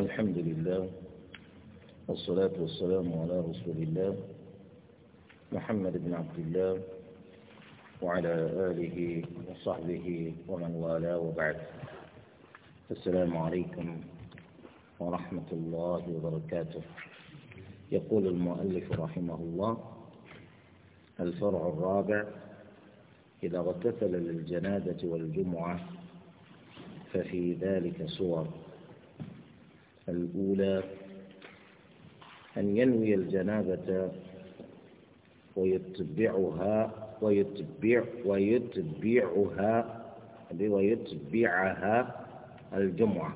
الحمد لله والصلاة والسلام على رسول الله محمد بن عبد الله وعلى آله وصحبه ومن والاه وبعد السلام عليكم ورحمة الله وبركاته يقول المؤلف رحمه الله الفرع الرابع إذا اغتسل للجنازة والجمعة ففي ذلك صور الأولى أن ينوي الجنابة ويتبعها ويتبع ويتبعها ويتبعها الجمعة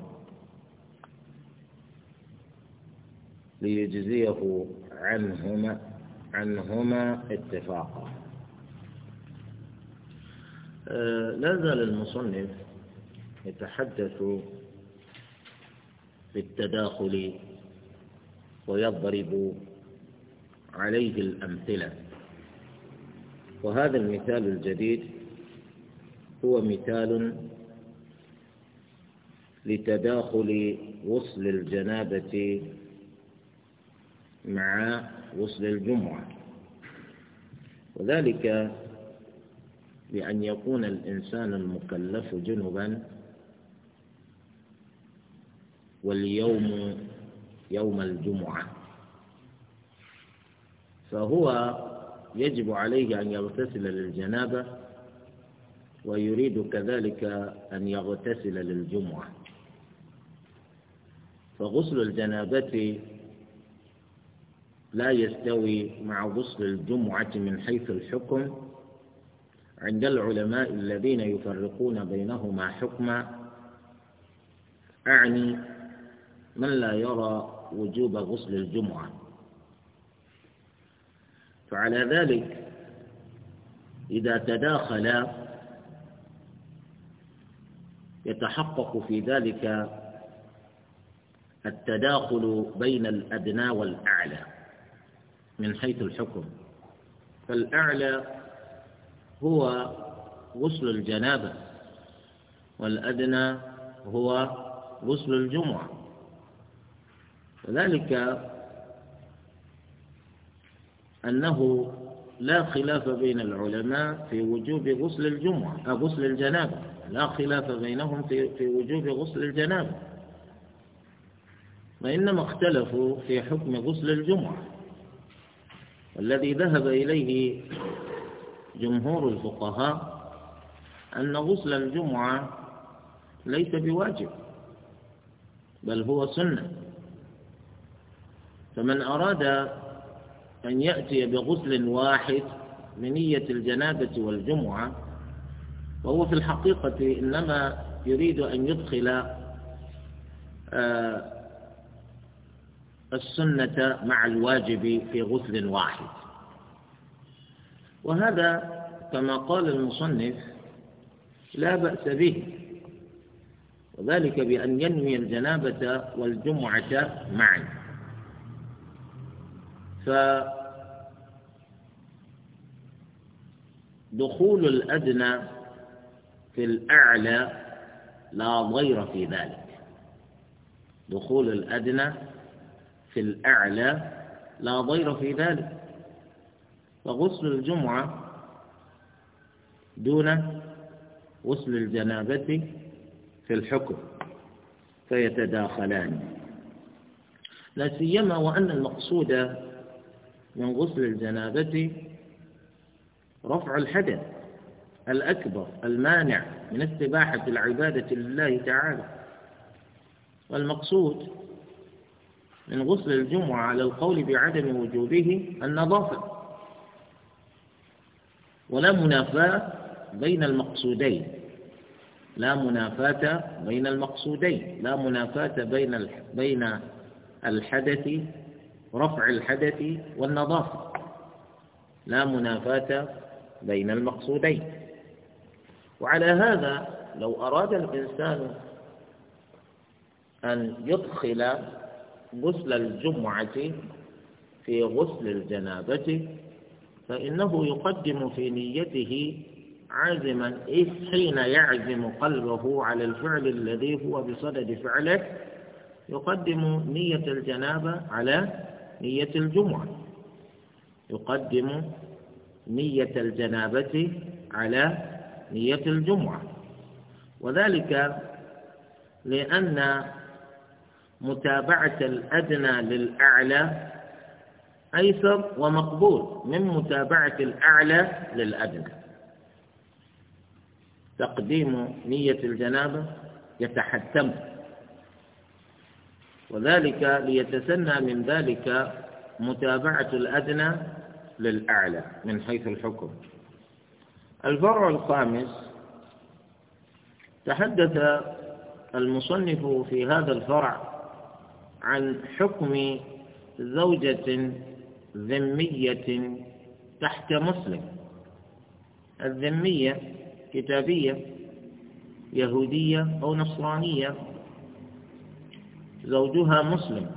ليجزيه عنهما عنهما اتفاقا آه، لا زال المصنف يتحدث بالتداخل ويضرب عليه الأمثلة وهذا المثال الجديد هو مثال لتداخل وصل الجنابة مع وصل الجمعة وذلك بأن يكون الإنسان المكلف جنبا واليوم يوم الجمعة فهو يجب عليه أن يغتسل للجنابة ويريد كذلك أن يغتسل للجمعة فغسل الجنابة لا يستوي مع غسل الجمعة من حيث الحكم عند العلماء الذين يفرقون بينهما حكما أعني من لا يرى وجوب غسل الجمعة فعلى ذلك إذا تداخل يتحقق في ذلك التداخل بين الأدنى والأعلى من حيث الحكم فالأعلى هو غسل الجنابة والأدنى هو غسل الجمعة ذلك أنه لا خلاف بين العلماء في وجوب غسل الجمعة آه، غسل الجنابة لا خلاف بينهم في في وجوب غسل الجنابة وإنما اختلفوا في حكم غسل الجمعة والذي ذهب إليه جمهور الفقهاء أن غسل الجمعة ليس بواجب بل هو سنة فمن أراد أن يأتي بغسل واحد من نية الجنابة والجمعة وهو في الحقيقة إنما يريد أن يدخل آه، السنة مع الواجب في غسل واحد وهذا كما قال المصنف لا بأس به وذلك بأن ينوي الجنابة والجمعة معا فدخول الأدنى في الأعلى لا ضير في ذلك دخول الأدنى في الأعلى لا ضير في ذلك فغسل الجمعة دون غسل الجنابة في الحكم فيتداخلان لا سيما وأن المقصود من غسل الجنابة رفع الحدث الأكبر المانع من استباحة العبادة لله تعالى والمقصود من غسل الجمعة على القول بعدم وجوده النظافة ولا منافاة بين المقصودين لا منافاة بين المقصودين لا منافاة بين بين الحدث رفع الحدث والنظافة لا منافاة بين المقصودين وعلى هذا لو أراد الإنسان أن يدخل غسل الجمعة في غسل الجنابة فإنه يقدم في نيته عازما إذ حين يعزم قلبه على الفعل الذي هو بصدد فعله يقدم نية الجنابة على نية الجمعة يقدم نية الجنابة على نية الجمعة وذلك لأن متابعة الأدنى للأعلى أيسر ومقبول من متابعة الأعلى للأدنى تقديم نية الجنابة يتحتم وذلك ليتسنى من ذلك متابعة الأدنى للأعلى من حيث الحكم الفرع الخامس تحدث المصنف في هذا الفرع عن حكم زوجة ذمية تحت مسلم الذمية كتابية يهودية أو نصرانية زوجها مسلم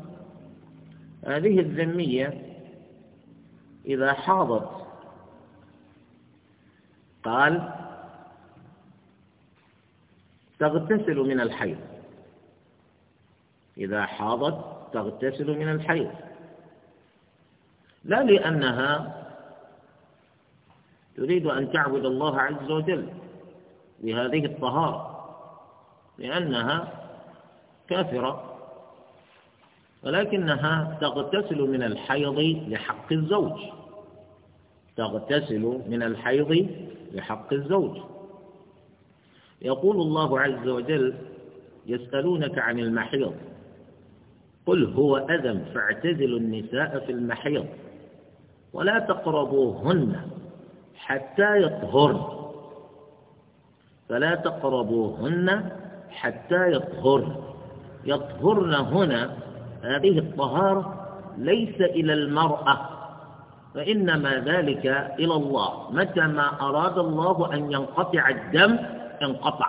هذه الذمية إذا حاضت قال تغتسل من الحيض إذا حاضت تغتسل من الحيض لا لأنها تريد أن تعبد الله عز وجل بهذه الطهارة لأنها كافرة ولكنها تغتسل من الحيض لحق الزوج تغتسل من الحيض لحق الزوج يقول الله عز وجل يسألونك عن المحيض قل هو أذم فاعتزلوا النساء في المحيض ولا تقربوهن حتى يطهرن فلا تقربوهن حتى يطهرن يطهرن هنا هذه الطهارة ليس إلى المرأة فإنما ذلك إلى الله متى ما أراد الله أن ينقطع الدم انقطع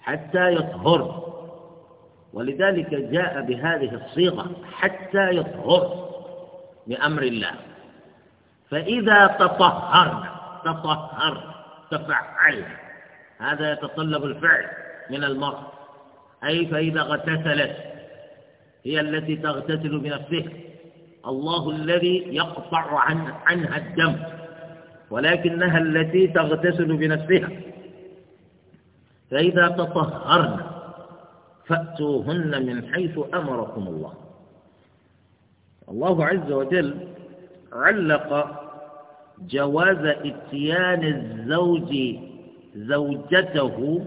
حتى يطهر ولذلك جاء بهذه الصيغة حتى يطهر بأمر الله فإذا تطهر تطهر تفعل هذا يتطلب الفعل من المرأة أي فإذا اغتسلت هي التي تغتسل بنفسها الله الذي يقطع عن عنها الدم ولكنها التي تغتسل بنفسها فإذا تطهرن فأتوهن من حيث أمركم الله الله عز وجل علق جواز اتيان الزوج زوجته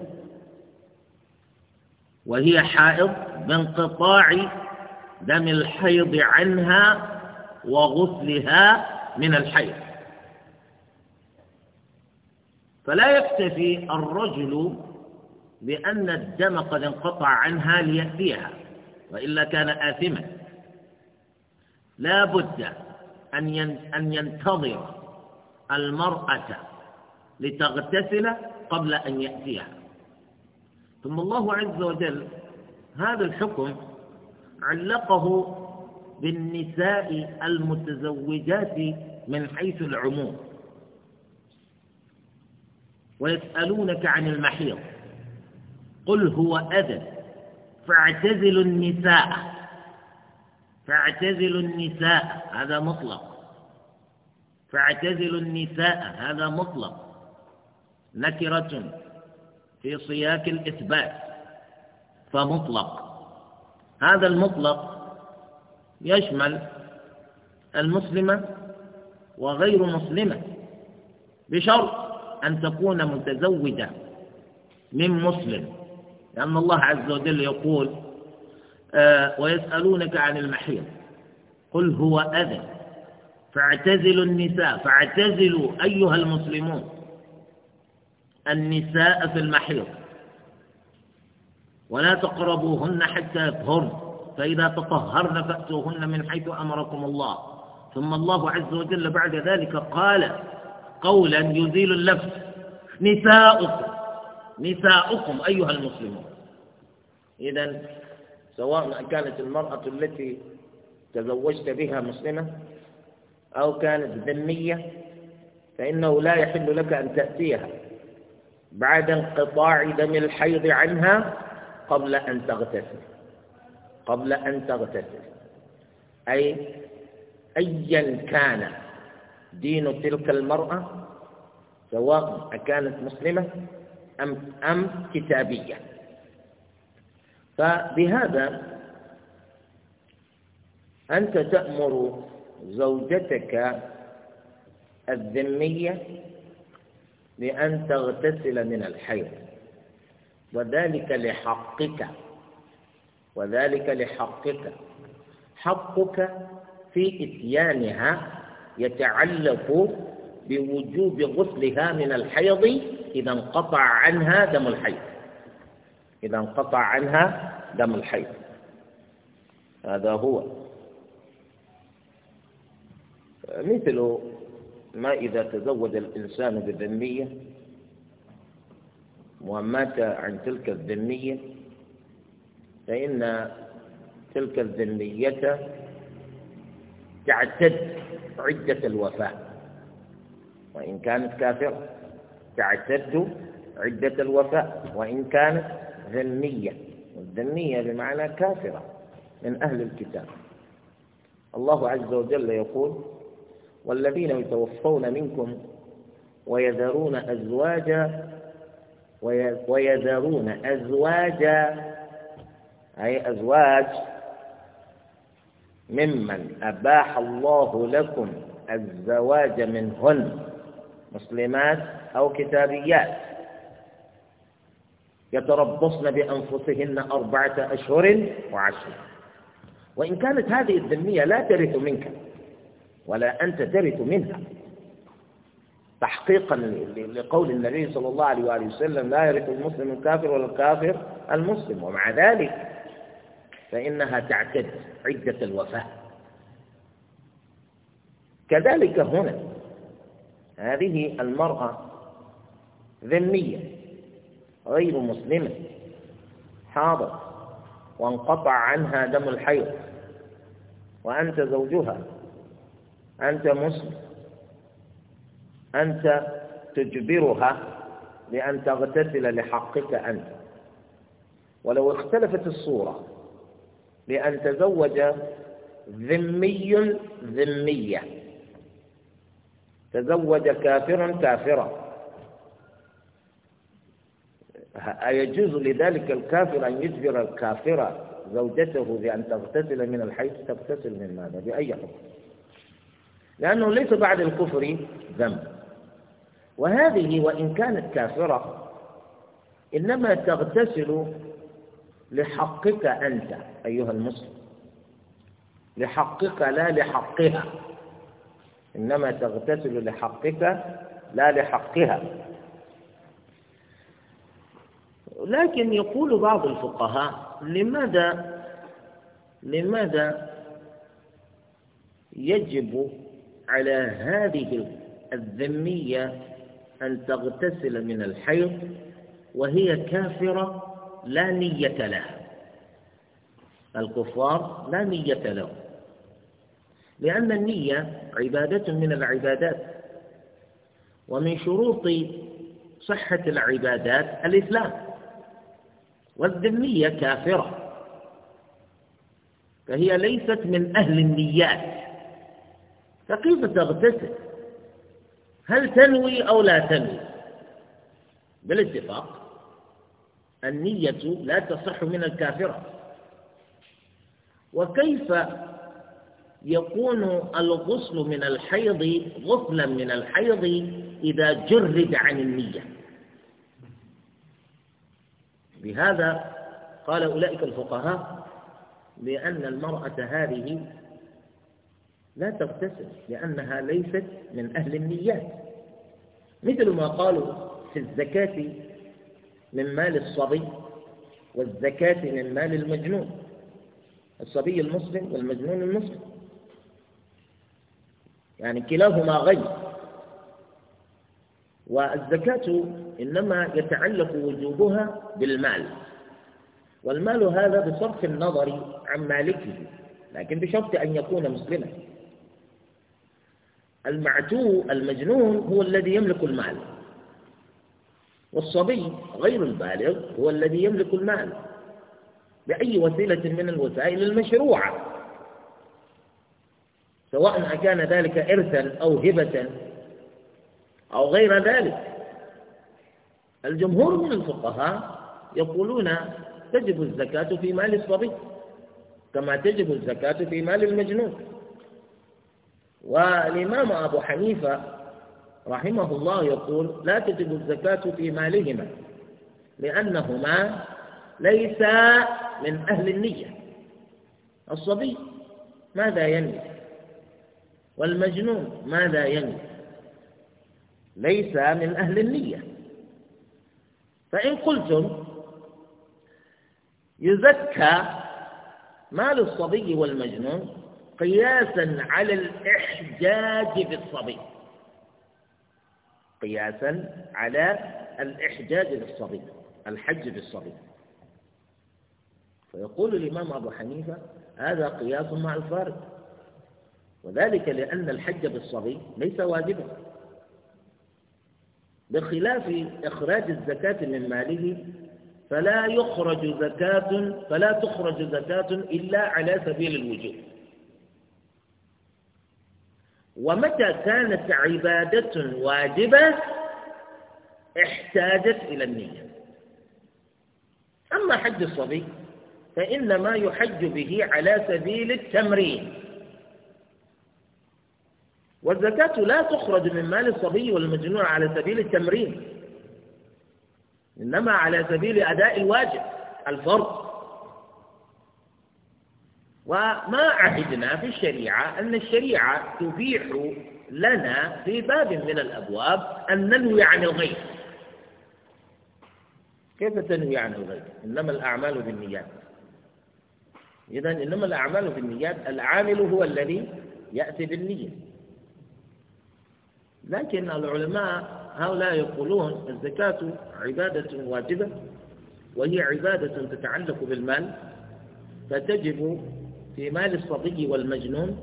وهي حائض بانقطاع دم الحيض عنها وغسلها من الحيض فلا يكتفي الرجل بأن الدم قد انقطع عنها ليأتيها وإلا كان آثما لا بد أن ينتظر المرأة لتغتسل قبل أن يأتيها ثم الله عز وجل هذا الحكم علقه بالنساء المتزوجات من حيث العموم ويسألونك عن المحيض قل هو أذى فاعتزلوا النساء فاعتزلوا النساء هذا مطلق فاعتزلوا النساء هذا مطلق نكرة في سياق الإثبات فمطلق هذا المطلق يشمل المسلمة وغير مسلمة بشرط أن تكون متزوجة من مسلم لأن الله عز وجل يقول آه، ويسألونك عن المحيض قل هو أذى فاعتزلوا النساء فاعتزلوا أيها المسلمون النساء في المحيض ولا تقربوهن حتى يطهرن فإذا تطهرن فأتوهن من حيث أمركم الله ثم الله عز وجل بعد ذلك قال قولا يزيل اللفظ نساؤكم نساؤكم أيها المسلمون إذا سواء كانت المرأة التي تزوجت بها مسلمة أو كانت ذمية فإنه لا يحل لك أن تأتيها بعد انقطاع دم الحيض عنها قبل أن تغتسل قبل أن تغتسل أي أيا كان دين تلك المرأة سواء أكانت مسلمة أم, أم كتابية فبهذا أنت تأمر زوجتك الذمية بأن تغتسل من الحيض وذلك لحقك وذلك لحقك حقك في إتيانها يتعلق بوجوب غسلها من الحيض إذا انقطع عنها دم الحيض إذا انقطع عنها دم الحيض هذا هو مثل ما إذا تزوج الإنسان بذمية ومات عن تلك الذنية فإن تلك الذنية تعتد عدة الوفاة وإن كانت كافرة تعتد عدة الوفاء وإن كانت ذنية الذنية بمعنى كافرة من أهل الكتاب الله عز وجل يقول والذين يتوفون منكم ويذرون أزواجا ويذرون أزواجا أي أزواج ممن أباح الله لكم الزواج منهن مسلمات أو كتابيات يتربصن بأنفسهن أربعة أشهر وعشرة وإن كانت هذه الذمية لا ترث منك ولا أنت ترث منها تحقيقا لقول النبي صلى الله عليه وآله وسلم لا يرث المسلم الكافر ولا الكافر المسلم ومع ذلك فإنها تعتد عدة الوفاة كذلك هنا هذه المرأة ذمية غير مسلمة حاضر وانقطع عنها دم الحيض وأنت زوجها أنت مسلم أنت تجبرها بأن تغتسل لحقك أنت ولو اختلفت الصورة بأن تزوج ذمي ذمية تزوج كافر كافرة أيجوز لذلك الكافر أن يجبر الكافرة زوجته بأن تغتسل من الحيث تغتسل من ماذا بأي حكم لأنه ليس بعد الكفر ذنب وهذه وإن كانت كافرة إنما تغتسل لحقك أنت أيها المسلم لحقك لا لحقها إنما تغتسل لحقك لا لحقها لكن يقول بعض الفقهاء لماذا لماذا يجب على هذه الذمية أن تغتسل من الحيض وهي كافرة لا نية لها الكفار لا نية لهم لأن النية عبادة من العبادات ومن شروط صحة العبادات الإسلام والذنية كافرة فهي ليست من أهل النيات فكيف تغتسل هل تنوي أو لا تنوي بالاتفاق النية لا تصح من الكافرة وكيف يكون الغسل من الحيض غسلا من الحيض إذا جرد عن النية بهذا قال أولئك الفقهاء لأن المرأة هذه لا تغتسل لأنها ليست من أهل النيات مثل ما قالوا في الزكاة من مال الصبي والزكاة من مال المجنون الصبي المسلم والمجنون المسلم يعني كلاهما غير والزكاة إنما يتعلق وجوبها بالمال والمال هذا بصرف النظر عن مالكه لكن بشرط أن يكون مسلما المعتو المجنون هو الذي يملك المال والصبي غير البالغ هو الذي يملك المال بأي وسيلة من الوسائل المشروعة سواء أكان ذلك إرثا أو هبة أو غير ذلك الجمهور من الفقهاء يقولون تجب الزكاة في مال الصبي كما تجب الزكاة في مال المجنون والإمام أبو حنيفة رحمه الله يقول لا تجب الزكاة في مالهما لأنهما ليسا من أهل النية الصبي ماذا ينوي والمجنون ماذا ينوي ليس من أهل النية فإن قلتم يزكى مال الصبي والمجنون قياسا على الإحجاج بالصبي قياسا على الإحجاج بالصبي الحج بالصبي فيقول الإمام أبو حنيفة هذا قياس مع الفارق وذلك لأن الحج بالصبي ليس واجبا بخلاف إخراج الزكاة من ماله فلا يخرج زكاة فلا تخرج زكاة إلا على سبيل الوجوب ومتى كانت عبادة واجبة احتاجت إلى النية أما حج الصبي فإنما يحج به على سبيل التمرين والزكاة لا تخرج من مال الصبي والمجنون على سبيل التمرين إنما على سبيل أداء الواجب الفرض وما عهدنا في الشريعة أن الشريعة تبيح لنا في باب من الأبواب أن ننوي عن الغيب كيف تنوي عن الغيب إنما الأعمال بالنيات إذا إنما الأعمال بالنيات العامل هو الذي يأتي بالنية لكن العلماء هؤلاء يقولون الزكاة عبادة واجبة وهي عبادة تتعلق بالمال فتجب في مال الصبي والمجنون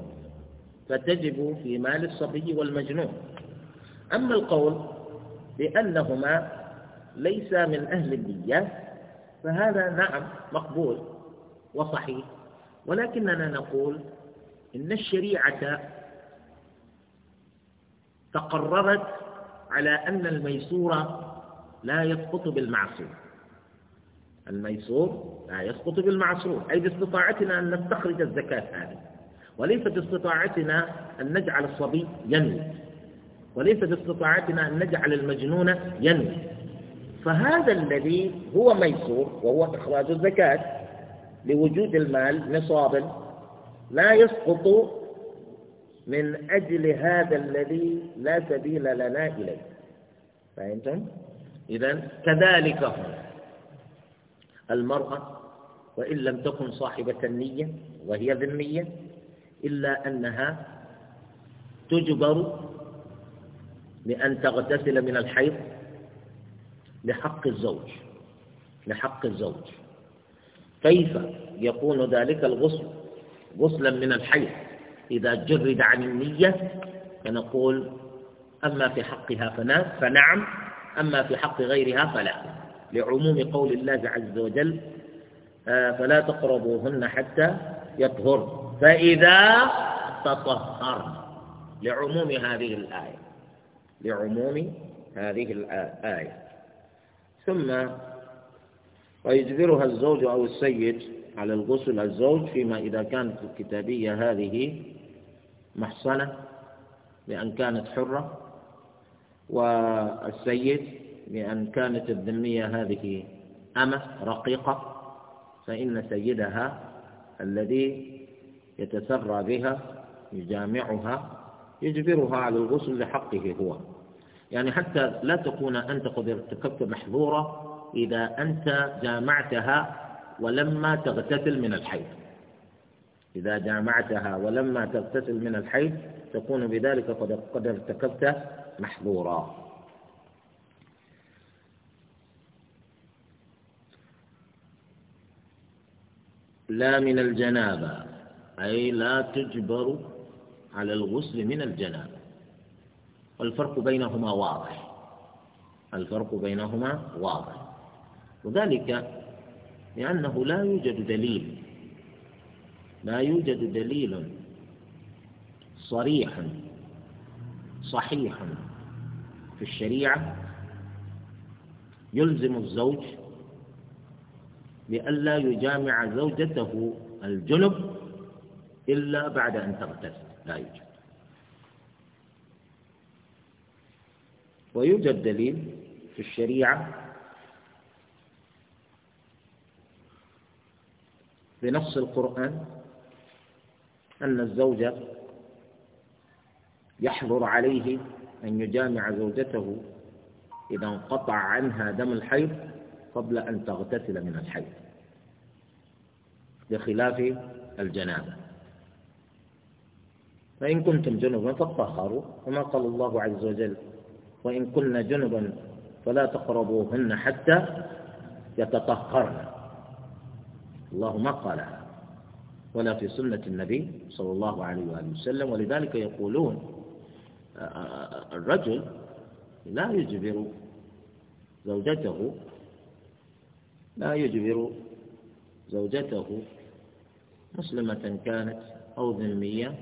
فتجب في مال الصبي والمجنون أما القول بأنهما ليس من أهل الديات فهذا نعم مقبول وصحيح ولكننا نقول إن الشريعة تقررت على أن الميسور لا يسقط بالمعصية الميسور لا يسقط بالمعصوم أي باستطاعتنا أن نستخرج الزكاة هذه وليس باستطاعتنا أن نجعل الصبي ينوي وليس باستطاعتنا أن نجعل المجنون ينوي فهذا الذي هو ميسور وهو إخراج الزكاة لوجود المال نصابا لا يسقط من أجل هذا الذي لا سبيل لنا إليه فهمتم؟ إذا كذلك هنا المرأة وإن لم تكن صاحبة النية وهي ذنية إلا أنها تجبر بأن تغتسل من الحيض لحق الزوج لحق الزوج كيف يكون ذلك الغسل غسلا من الحيض إذا جرد عن النية فنقول أما في حقها فنعم أما في حق غيرها فلا لعموم قول الله عز وجل آه، فلا تقربوهن حتى يطهر فإذا تطهر لعموم هذه الآية لعموم هذه الآية ثم ويجبرها الزوج أو السيد على الغسل الزوج فيما إذا كانت الكتابية هذه محصنة لأن كانت حرة والسيد لأن كانت الذمية هذه أمة رقيقة فإن سيدها الذي يتسرى بها يجامعها يجبرها على الغسل لحقه هو يعني حتى لا تكون أنت قد ارتكبت محظورة إذا أنت جامعتها ولما تغتسل من الحيض إذا جامعتها ولما تغتسل من الحيض تكون بذلك قد ارتكبت محظورا لا من الجنابة أي لا تجبر على الغسل من الجنابة والفرق بينهما واضح الفرق بينهما واضح وذلك لأنه لا يوجد دليل لا يوجد دليل صريح صحيح في الشريعة يلزم الزوج لئلا يجامع زوجته الجنب إلا بعد أن تغتسل لا يوجد ويوجد دليل في الشريعة بنص القرآن أن الزوجة يحظر عليه أن يجامع زوجته إذا انقطع عنها دم الحيض قبل أن تغتسل من الحيض بخلاف الجنابة فإن كنتم جنبا فطهروا كما قال الله عز وجل وإن كنا جنبا فلا تقربوهن حتى يتطهرن الله ما قال ولا في سنة النبي صلى الله عليه وآله وسلم ولذلك يقولون آه، آه، آه، الرجل لا يجبر زوجته لا يجبر زوجته مسلمة كانت أو ذمية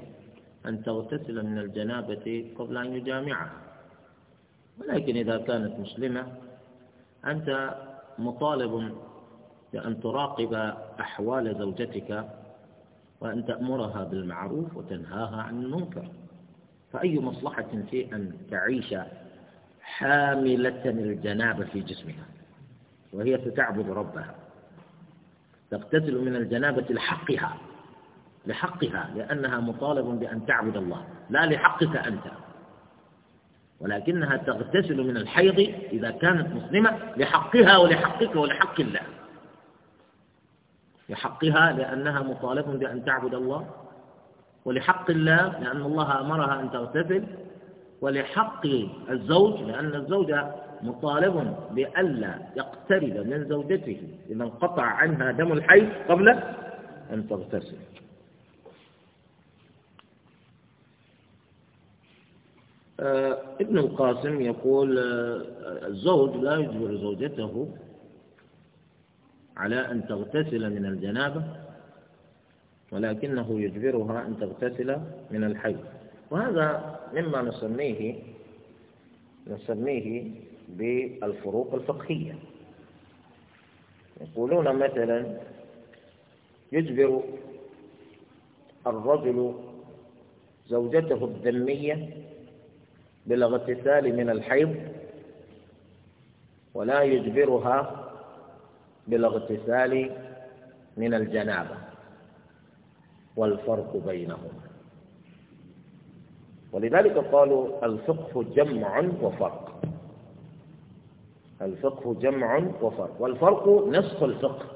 أن تغتسل من الجنابة قبل أن يجامعها ولكن إذا كانت مسلمة أنت مطالب بأن تراقب أحوال زوجتك وأن تأمرها بالمعروف وتنهاها عن المنكر فأي مصلحة في أن تعيش حاملة الجنابة في جسمها وهي ستعبد ربها تغتسل من الجنابة لحقها لحقها لأنها مطالب بأن تعبد الله لا لحقك أنت ولكنها تغتسل من الحيض إذا كانت مسلمة لحقها ولحقك ولحق الله لحقها لأنها مطالب بأن تعبد الله ولحق الله لأن الله أمرها أن تغتسل ولحق الزوج لأن الزوجة مطالب بألا يقترب من زوجته إذا انقطع عنها دم الحي قبل أن تغتسل آه، ابن القاسم يقول آه، الزوج لا يجبر زوجته على أن تغتسل من الجنابة ولكنه يجبرها أن تغتسل من الحي وهذا مما نسميه نسميه بالفروق الفقهية يقولون مثلا يجبر الرجل زوجته الذمية بالاغتسال من الحيض ولا يجبرها بالاغتسال من الجنابة والفرق بينهما ولذلك قالوا الفقه جمع وفرق الفقه جمع وفرق والفرق نصف الفقه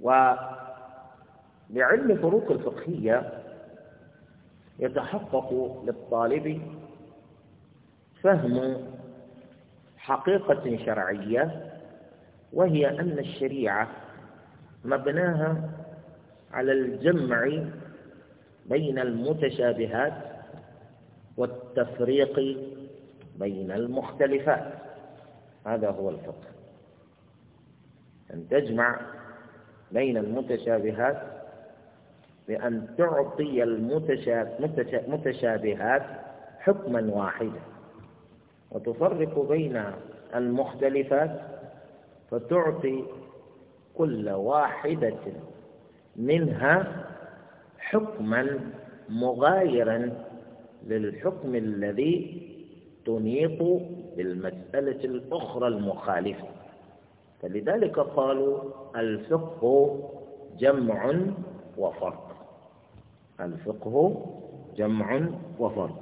ولعلم الفروق الفقهية يتحقق للطالب فهم حقيقة شرعية وهي أن الشريعة مبناها على الجمع بين المتشابهات والتفريق بين المختلفات هذا هو الفقه أن تجمع بين المتشابهات بأن تعطي المتشابهات حكما واحدا وتفرق بين المختلفات فتعطي كل واحدة منها حكما مغايرا للحكم الذي تنيط بالمسألة الأخرى المخالفة فلذلك قالوا الفقه جمع وفرق الفقه جمع وفرق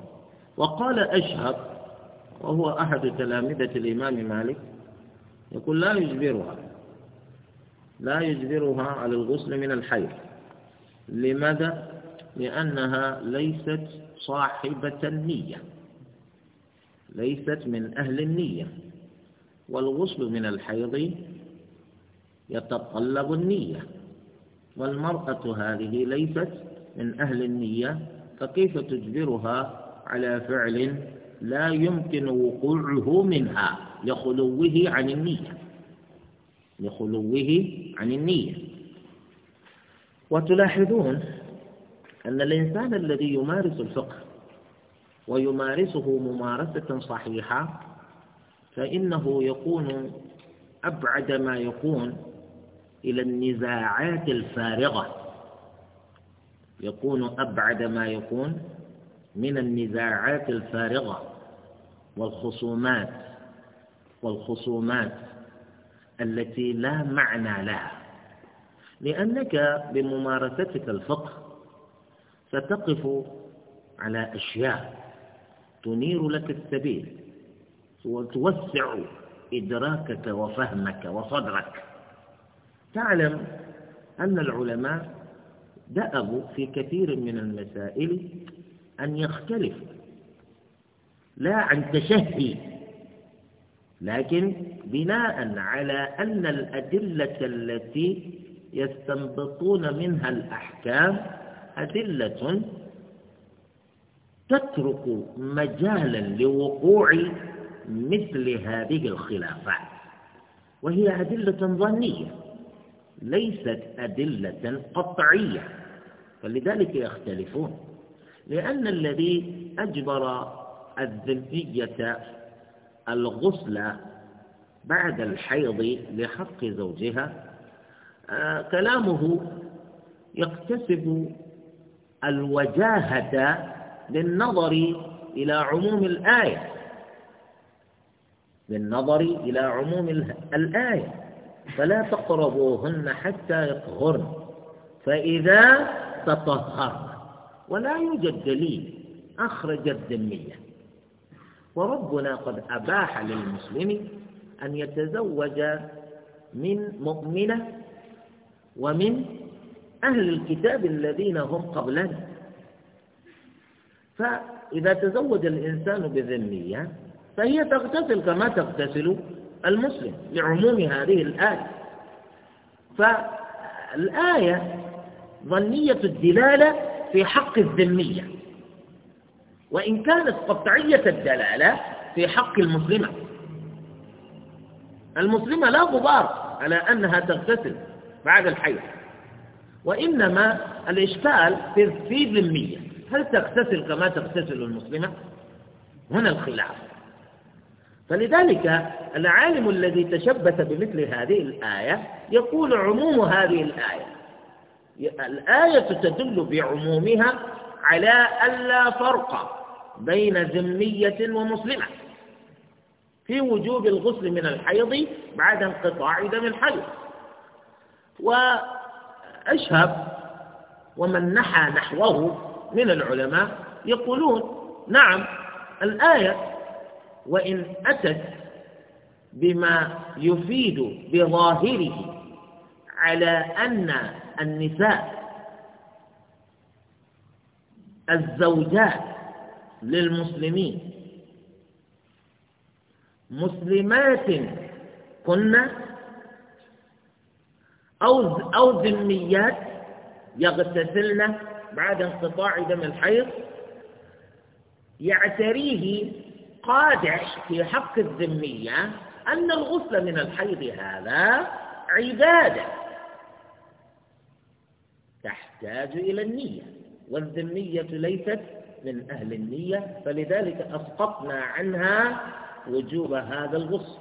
وقال أشهب وهو أحد تلامذة الإمام مالك يقول لا يجبرها لا يجبرها على الغسل من الحيض لماذا؟ لأنها ليست صاحبة النية ليست من أهل النية والغسل من الحيض يتطلب النية والمرأة هذه ليست من أهل النية فكيف تجبرها على فعل لا يمكن وقوعه منها لخلوه عن النية لخلوه عن النية وتلاحظون أن الإنسان الذي يمارس الفقه ويمارسه ممارسة صحيحة فإنه يكون أبعد ما يكون إلى النزاعات الفارغة يكون أبعد ما يكون من النزاعات الفارغة والخصومات والخصومات التي لا معنى لها لأنك بممارستك الفقه ستقف على أشياء تنير لك السبيل وتوسع إدراكك وفهمك وصدرك تعلم أن العلماء دأبوا في كثير من المسائل أن يختلفوا لا عن تشهي لكن بناء على أن الأدلة التي يستنبطون منها الأحكام أدلة تترك مجالا لوقوع مثل هذه الخلافات وهي أدلة ظنية ليست أدلة قطعية فلذلك يختلفون لأن الذي أجبر الذرية الغسل بعد الحيض لحق زوجها آه، كلامه يكتسب الوجاهة بالنظر إلى عموم الآية بالنظر إلى عموم الآية فلا تقربوهن حتى يطهرن فإذا تطهرن ولا يوجد دليل أخرج الذمية وربنا قد أباح للمسلم أن يتزوج من مؤمنة ومن أهل الكتاب الذين هم قبلنا فإذا تزوج الإنسان بذمية فهي تغتسل كما تغتسل المسلم لعموم هذه الآية فالآية ظنية الدلالة في حق الذمية وإن كانت قطعية الدلالة في حق المسلمة المسلمة لا غبار على أنها تغتسل بعد الحيض وإنما الإشكال في الذمية هل تغتسل كما تغتسل المسلمة هنا الخلاف فلذلك العالم الذي تشبث بمثل هذه الآية يقول عموم هذه الآية الآية تدل بعمومها على ألا فرق بين ذمية ومسلمة في وجوب الغسل من الحيض بعد انقطاع دم الحيض وأشهب ومن نحى نحوه من العلماء يقولون نعم الآية وإن أتت بما يفيد بظاهره على أن النساء الزوجات للمسلمين مسلمات كن أو أو ذميات يغتسلن بعد انقطاع دم الحيض يعتريه قادح في حق الذمية أن الغسل من الحيض هذا عبادة تحتاج إلى النية والذمية ليست من أهل النية فلذلك أسقطنا عنها وجوب هذا الغسل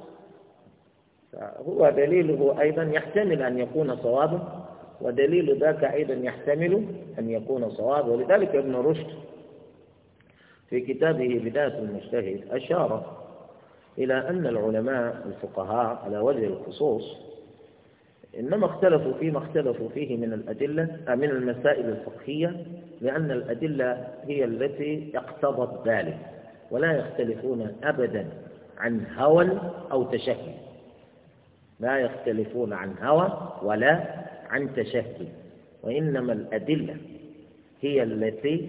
فهو دليله أيضا يحتمل أن يكون صوابا ودليل ذاك أيضا يحتمل أن يكون صواب ولذلك ابن رشد في كتابه بداية المجتهد أشار إلى أن العلماء الفقهاء على وجه الخصوص إنما اختلفوا فيما اختلفوا فيه من الأدلة آه، من المسائل الفقهية لأن الأدلة هي التي اقتضت ذلك ولا يختلفون أبدا عن هوى أو تشهي لا يختلفون عن هوى ولا عن تشهي وإنما الأدلة هي التي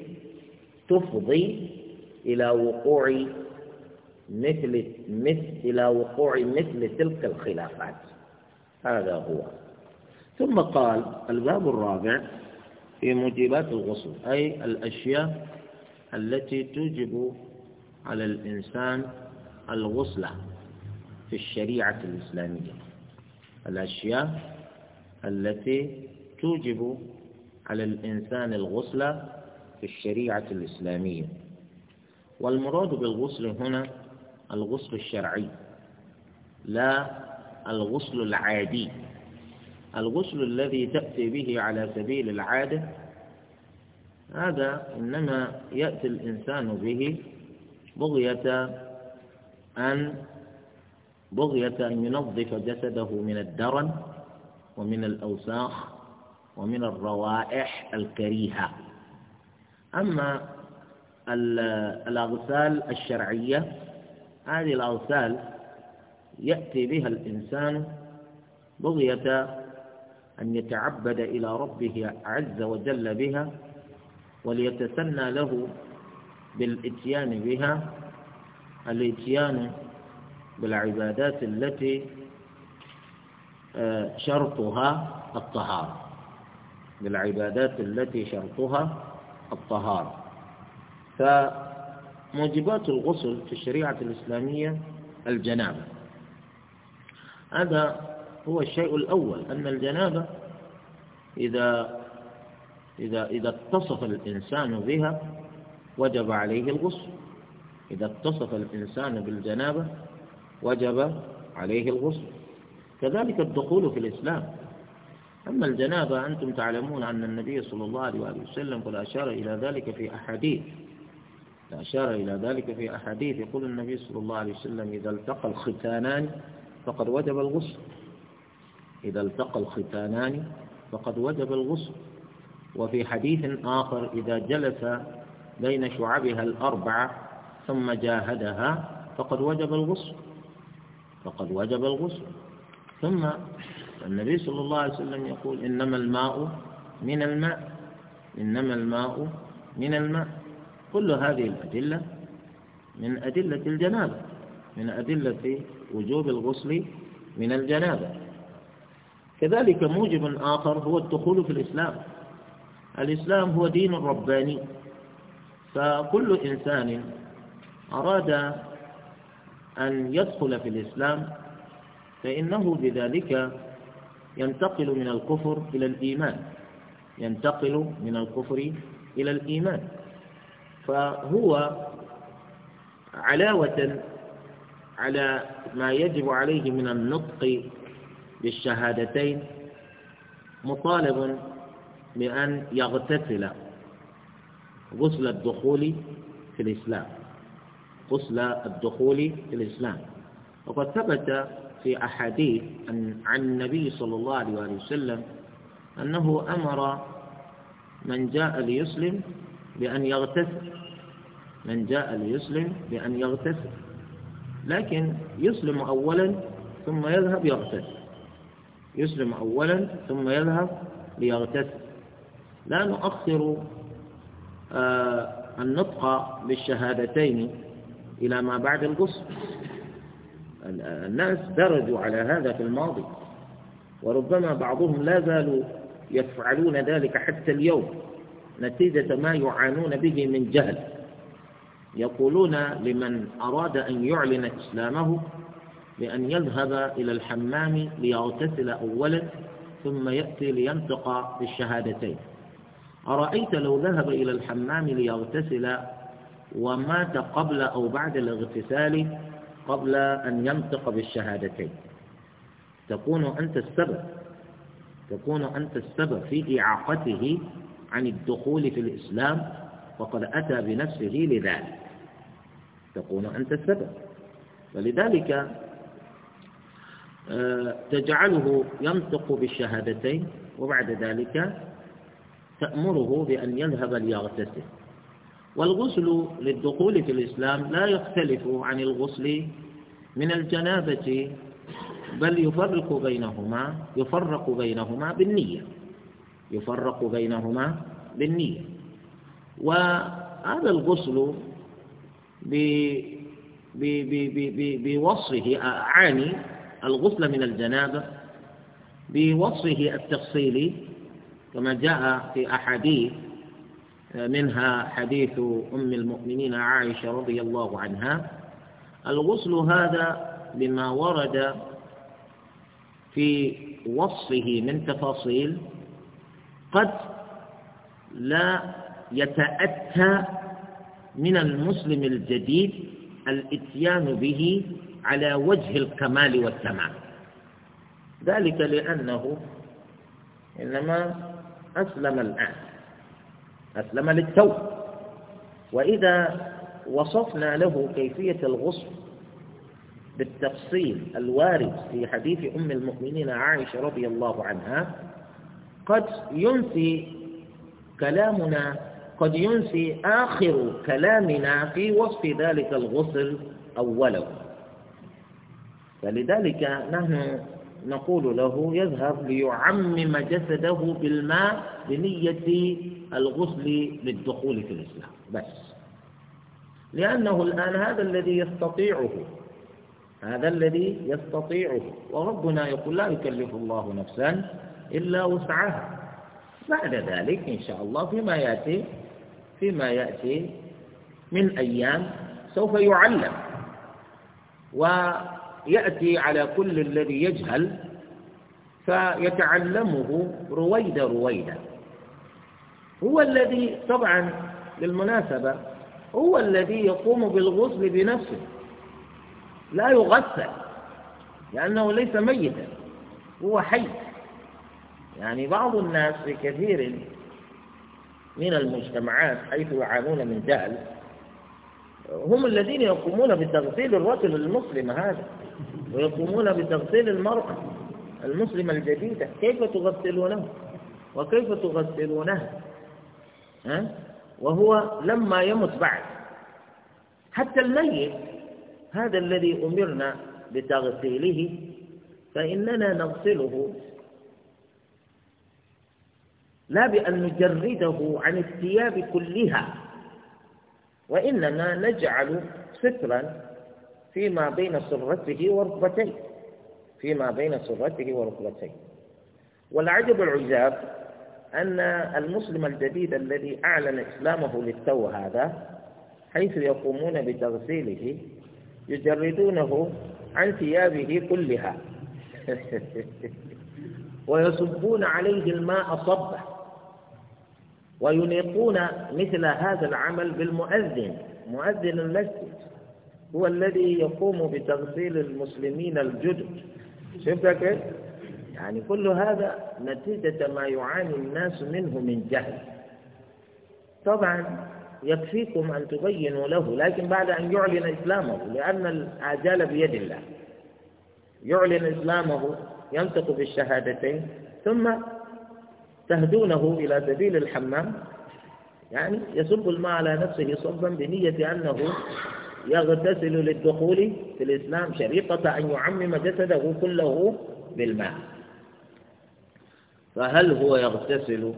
تفضي إلى وقوع مثل مثل إلى وقوع مثل تلك الخلافات هذا هو ثم قال الباب الرابع في موجبات الغسل أي الأشياء التي توجب على الإنسان الغسل في الشريعة الإسلامية الأشياء التي توجب على الإنسان الغسل في الشريعة الإسلامية والمراد بالغسل هنا الغسل الشرعي لا الغسل العادي الغسل الذي تأتي به على سبيل العادة هذا إنما يأتي الإنسان به بغية أن بغية أن ينظف جسده من الدرن ومن الأوساخ ومن الروائح الكريهة أما الأغسال الشرعية هذه الأغسال يأتي بها الإنسان بغية أن يتعبد إلى ربه عز وجل بها وليتسنى له بالإتيان بها الإتيان بالعبادات التي شرطها الطهارة للعبادات التي شرطها الطهارة فموجبات الغسل في الشريعة الإسلامية الجنابة هذا هو الشيء الأول أن الجنابة إذا إذا إذا اتصف الإنسان بها وجب عليه الغسل إذا اتصف الإنسان بالجنابة وجب عليه الغسل كذلك الدخول في الإسلام أما الجنابة أنتم تعلمون أن النبي صلى الله عليه وسلم قد أشار إلى ذلك في أحاديث أشار إلى ذلك في أحاديث يقول النبي صلى الله عليه وسلم إذا التقى الختانان فقد وجب الغسل إذا التقى الختانان فقد وجب الغسل وفي حديث آخر إذا جلس بين شعبها الأربعة ثم جاهدها فقد وجب الغسل فقد وجب الغسل ثم النبي صلى الله عليه وسلم يقول إنما الماء من الماء إنما الماء من الماء كل هذه الأدلة من أدلة الجنابة من أدلة وجوب الغسل من الجنابة كذلك موجب آخر هو الدخول في الإسلام الإسلام هو دين رباني فكل إنسان أراد أن يدخل في الإسلام فإنه بذلك ينتقل من الكفر إلى الإيمان ينتقل من الكفر إلى الإيمان فهو علاوة على ما يجب عليه من النطق بالشهادتين مطالب بأن يغتسل غسل الدخول في الإسلام غسل الدخول في الإسلام وقد ثبت في أحاديث عن النبي صلى الله عليه وسلم أنه أمر من جاء ليسلم بأن يغتسل من جاء ليسلم بأن يغتسل لكن يسلم أولا ثم يذهب يغتسل يسلم أولا ثم يذهب ليغتسل لا نؤخر النطق آه، بالشهادتين إلى ما بعد الغسل الناس درجوا على هذا في الماضي وربما بعضهم لا زالوا يفعلون ذلك حتى اليوم نتيجة ما يعانون به من جهل يقولون لمن أراد أن يعلن إسلامه بأن يذهب إلى الحمام ليغتسل أولا ثم يأتي لينطق بالشهادتين أرأيت لو ذهب إلى الحمام ليغتسل ومات قبل أو بعد الاغتسال قبل أن ينطق بالشهادتين تكون أنت السبب تكون أنت السبب في إعاقته عن الدخول في الإسلام وقد أتى بنفسه لذلك تكون أنت السبب ولذلك آه، تجعله ينطق بالشهادتين وبعد ذلك تأمره بأن يذهب ليغتسل والغسل للدخول في الإسلام لا يختلف عن الغسل من الجنابة بل يفرق بينهما يفرق بينهما بالنية يفرق بينهما بالنية وهذا الغسل بوصفه أعاني الغسل من الجنابة بوصفه التفصيلي كما جاء في أحاديث منها حديث أم المؤمنين عائشة رضي الله عنها الغسل هذا بما ورد في وصفه من تفاصيل قد لا يتأتى من المسلم الجديد الاتيان به على وجه الكمال والتمام ذلك لأنه إنما أسلم الآن أسلم للتو وإذا وصفنا له كيفية الغسل بالتفصيل الوارد في حديث أم المؤمنين عائشة رضي الله عنها قد ينسي كلامنا قد ينسي آخر كلامنا في وصف ذلك الغسل أوله فلذلك نحن نقول له يذهب ليعمم جسده بالماء بنية الغسل للدخول في الإسلام بس لأنه الآن هذا الذي يستطيعه هذا الذي يستطيعه وربنا يقول لا يكلف الله نفسا إلا وسعها بعد ذلك إن شاء الله فيما يأتي فيما يأتي من أيام سوف يعلم و يأتي على كل الذي يجهل فيتعلمه رويدا رويدا هو الذي طبعا بالمناسبة هو الذي يقوم بالغسل بنفسه لا يغسل لأنه ليس ميتا هو حي يعني بعض الناس في كثير من المجتمعات حيث يعانون من جهل هم الذين يقومون بتغسيل الرجل المسلم هذا ويقومون بتغسيل المرأة المسلمة الجديدة كيف تغسلونه وكيف تغسلونه ها؟ وهو لما يمت بعد حتى الميت هذا الذي أمرنا بتغسيله فإننا نغسله لا بأن نجرده عن الثياب كلها وإننا نجعل سترا فيما بين سرته وركبتيه فيما بين سرته وركبتيه والعجب العجاب أن المسلم الجديد الذي أعلن إسلامه للتو هذا حيث يقومون بتغسيله يجردونه عن ثيابه كلها ويصبون عليه الماء صبا وينيقون مثل هذا العمل بالمؤذن مؤذن المسجد هو الذي يقوم بتغسيل المسلمين الجدد شفت كيف؟ يعني كل هذا نتيجة ما يعاني الناس منه من جهل طبعا يكفيكم أن تبينوا له لكن بعد أن يعلن إسلامه لأن الآجال بيد الله يعلن إسلامه ينطق بالشهادتين ثم تهدونه إلى سبيل الحمام يعني يصب الماء على نفسه صبا بنية أنه يغتسل للدخول في الإسلام شريطة أن يعمم جسده كله بالماء فهل هو يغتسل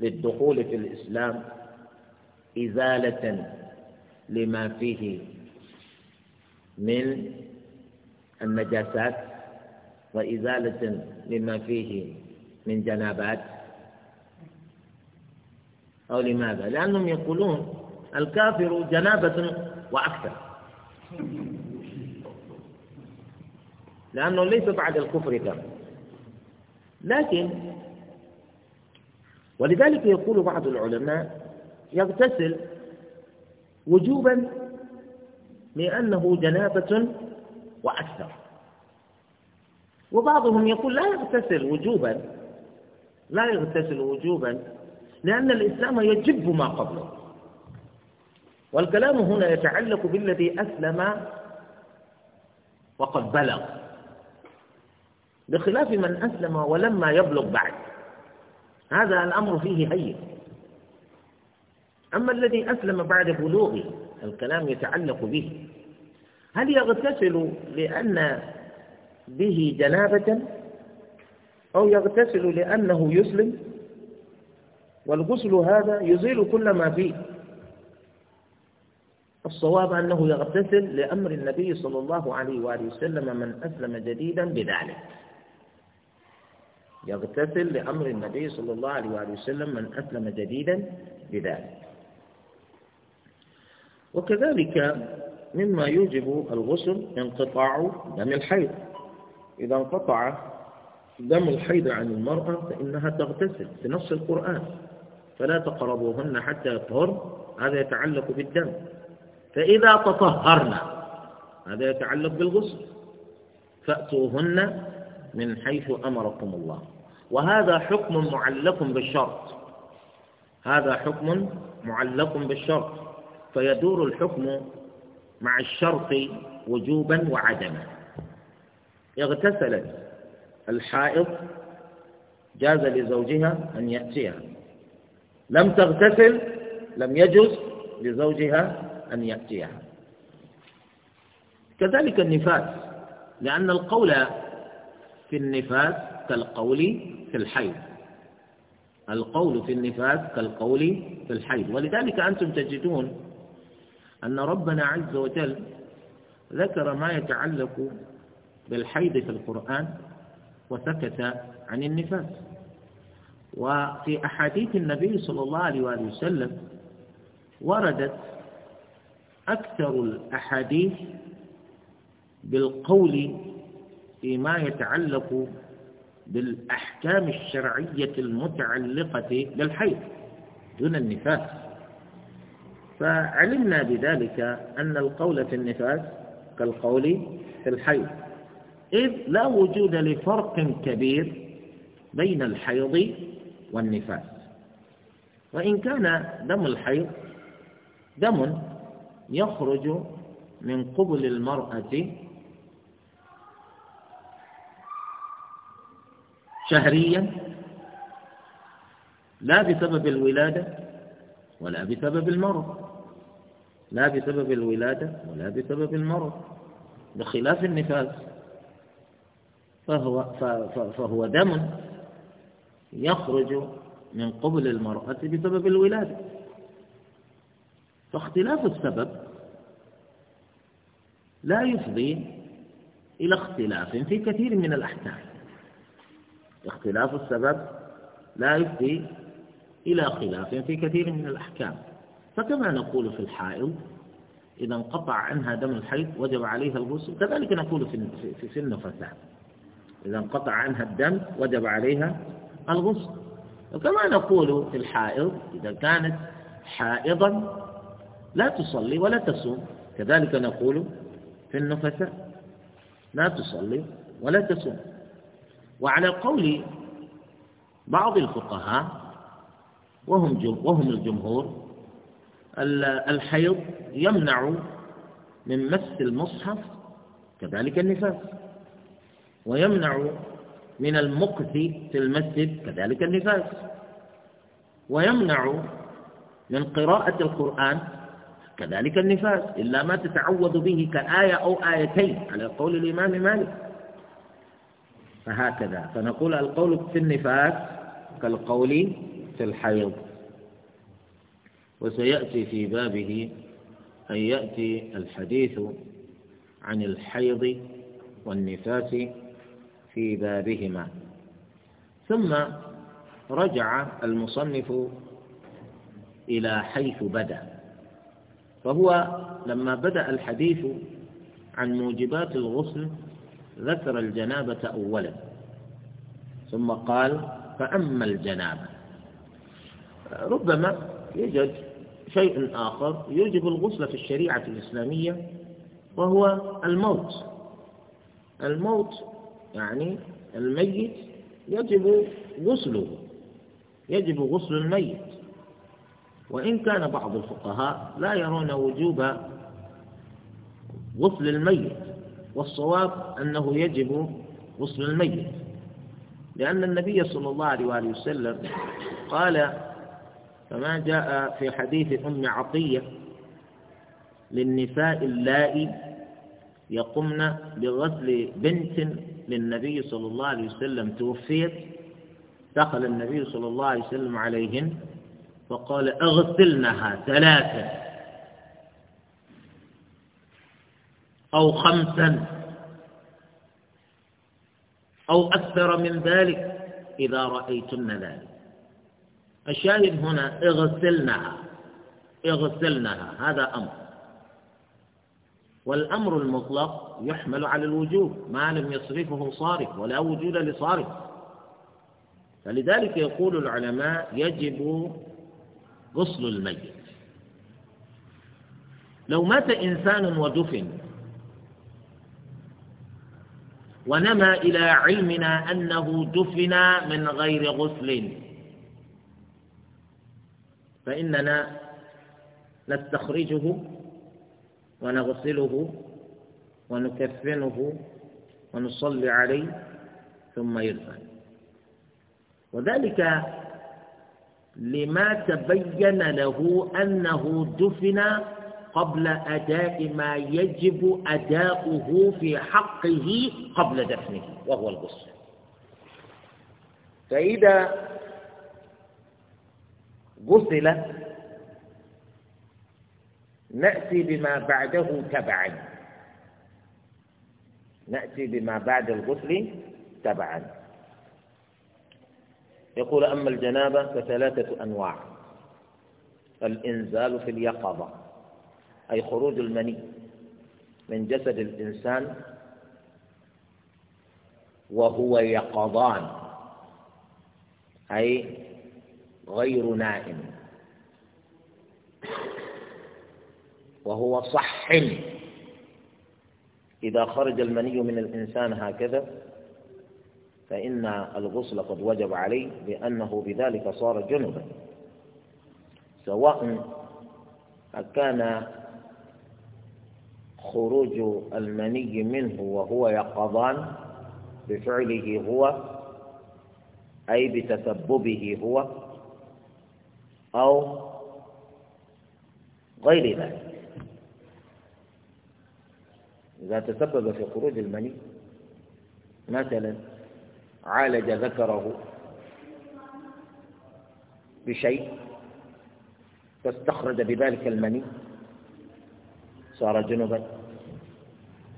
للدخول في الإسلام إزالة لما فيه من النجاسات وإزالة لما فيه من جنابات أو لماذا؟ لأنهم يقولون الكافر جنابة وأكثر لأنه ليس بعد الكفر كم لكن ولذلك يقول بعض العلماء يغتسل وجوبا لأنه جنابة وأكثر وبعضهم يقول لا يغتسل وجوبا لا يغتسل وجوبا لأن الإسلام يجب ما قبله والكلام هنا يتعلق بالذي أسلم وقد بلغ بخلاف من أسلم ولما يبلغ بعد هذا الأمر فيه هين أما الذي أسلم بعد بلوغه الكلام يتعلق به هل يغتسل لأن به جنابة أو يغتسل لأنه يسلم والغسل هذا يزيل كل ما فيه الصواب أنه يغتسل لأمر النبي صلى الله عليه وآله وسلم من أسلم جديدا بذلك يغتسل لأمر النبي صلى الله عليه وآله وسلم من أسلم جديدا بذلك وكذلك مما يوجب الغسل انقطاع دم الحيض إذا انقطع دم الحيض عن المرأة فإنها تغتسل في نص القرآن فلا تقربوهن حتى يطهر هذا يتعلق بالدم فإذا تطهرن هذا يتعلق بالغسل فأتوهن من حيث أمركم الله وهذا حكم معلق بالشرط هذا حكم معلق بالشرط فيدور الحكم مع الشرط وجوبا وعدما اغتسلت الحائض جاز لزوجها أن يأتيها لم تغتسل لم يجوز لزوجها أن يأتيها كذلك النفاس لأن القول في النفاس كالقول في الحيض القول في النفاس كالقول في الحيض ولذلك أنتم تجدون أن ربنا عز وجل ذكر ما يتعلق بالحيض في القرآن وسكت عن النفاس وفي أحاديث النبي صلى الله عليه وآله وسلم وردت أكثر الأحاديث بالقول فيما يتعلق بالأحكام الشرعية المتعلقة بالحيض دون النفاس فعلمنا بذلك أن القول في النفاس كالقول في الحيض إذ لا وجود لفرق كبير بين الحيض والنفاس وإن كان دم الحيض دم يخرج من قبل المرأة شهريا لا بسبب الولادة ولا بسبب المرض لا بسبب الولادة ولا بسبب المرض بخلاف النفاس فهو, فهو دم يخرج من قبل المرأة بسبب الولادة فاختلاف السبب لا يفضي إلى اختلاف في كثير من الأحكام اختلاف السبب لا يفضي إلى خلاف في كثير من الأحكام فكما نقول في الحائض إذا انقطع عنها دم الحيض وجب عليها الغسل كذلك نقول في في النفساء إذا انقطع عنها الدم وجب عليها الغسل وكما نقول في الحائض إذا كانت حائضا لا تصلي ولا تصوم كذلك نقول في النفساء لا تصلي ولا تصوم وعلى قول بعض الفقهاء وهم وهم الجمهور الحيض يمنع من مس المصحف كذلك النفاس ويمنع من المقذي في المسجد كذلك النفاس ويمنع من قراءة القرآن كذلك النفاس إلا ما تتعوذ به كآية أو آيتين على قول الإمام مالك فهكذا فنقول القول في النفاس كالقول في الحيض وسيأتي في بابه أن يأتي الحديث عن الحيض والنفاس في بابهما ثم رجع المصنف إلى حيث بدأ فهو لما بدأ الحديث عن موجبات الغسل ذكر الجنابة أولا ثم قال فأما الجنابة ربما يوجد شيء آخر يوجب الغسل في الشريعة الإسلامية وهو الموت الموت يعني الميت يجب غسله يجب غسل الميت وإن كان بعض الفقهاء لا يرون وجوب غسل الميت والصواب أنه يجب غسل الميت لأن النبي صلى الله عليه وآله وسلم قال فما جاء في حديث أم عطية للنساء اللائي يقمن بغسل بنت للنبي صلى الله عليه وسلم توفيت دخل النبي صلى الله عليه وسلم عليهن فقال أغسلنها ثلاثا أو خمسا أو أكثر من ذلك إذا رأيتن ذلك الشاهد هنا اغسلنها اغسلنها هذا أمر والأمر المطلق يحمل على الوجوب ما لم يصرفه صارف ولا وجود لصارف فلذلك يقول العلماء يجب غسل الميت لو مات إنسان ودفن ونما إلى علمنا أنه دفن من غير غسل فإننا نستخرجه ونغسله ونكفنه ونصلي عليه ثم يدفن وذلك لما تبين له أنه دفن قبل أداء ما يجب أداؤه في حقه قبل دفنه وهو الغسل فإذا غسل نأتي بما بعده تبعا نأتي بما بعد الغسل تبعا يقول أما الجنابة فثلاثة أنواع الإنزال في اليقظة أي خروج المني من جسد الإنسان وهو يقظان أي غير نائم وهو صح إذا خرج المني من الإنسان هكذا فإن الغسل قد وجب عليه لأنه بذلك صار جنبا سواء كان خروج المني منه وهو يقظان بفعله هو أي بتسببه هو أو غير ذلك إذا تسبب في خروج المني مثلا عالج ذكره بشيء فاستخرج بذلك المني صار جنبا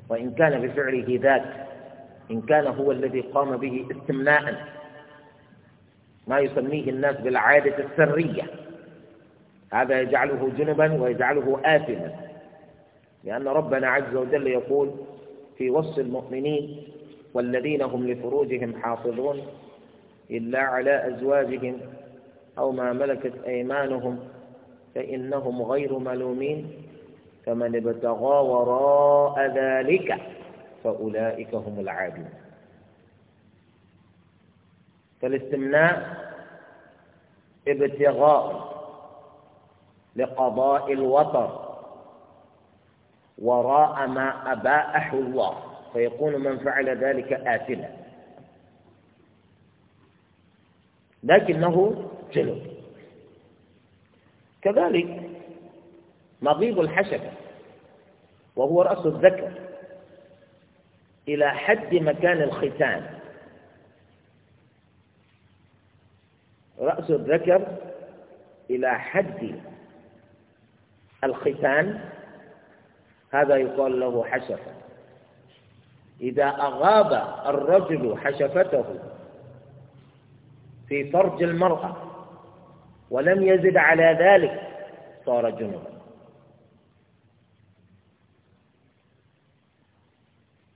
وإن كان بفعله ذاك إن كان هو الذي قام به استمناء ما يسميه الناس بالعادة السرية هذا يجعله جنبا ويجعله آثما لأن ربنا عز وجل يقول في وصف المؤمنين والذين هم لفروجهم حافظون إلا على أزواجهم أو ما ملكت أيمانهم فإنهم غير ملومين فمن ابتغى وراء ذلك فأولئك هم العادون فالاستمناء ابتغاء لقضاء الوطر وراء ما أباحه الله فيكون من فعل ذلك آثما لكنه جنب كذلك مضيب الحشبة وهو رأس الذكر إلى حد مكان الختان رأس الذكر إلى حد الختان هذا يقال له حشفة إذا أغاب الرجل حشفته في فرج المرأة ولم يزد على ذلك صار جنبا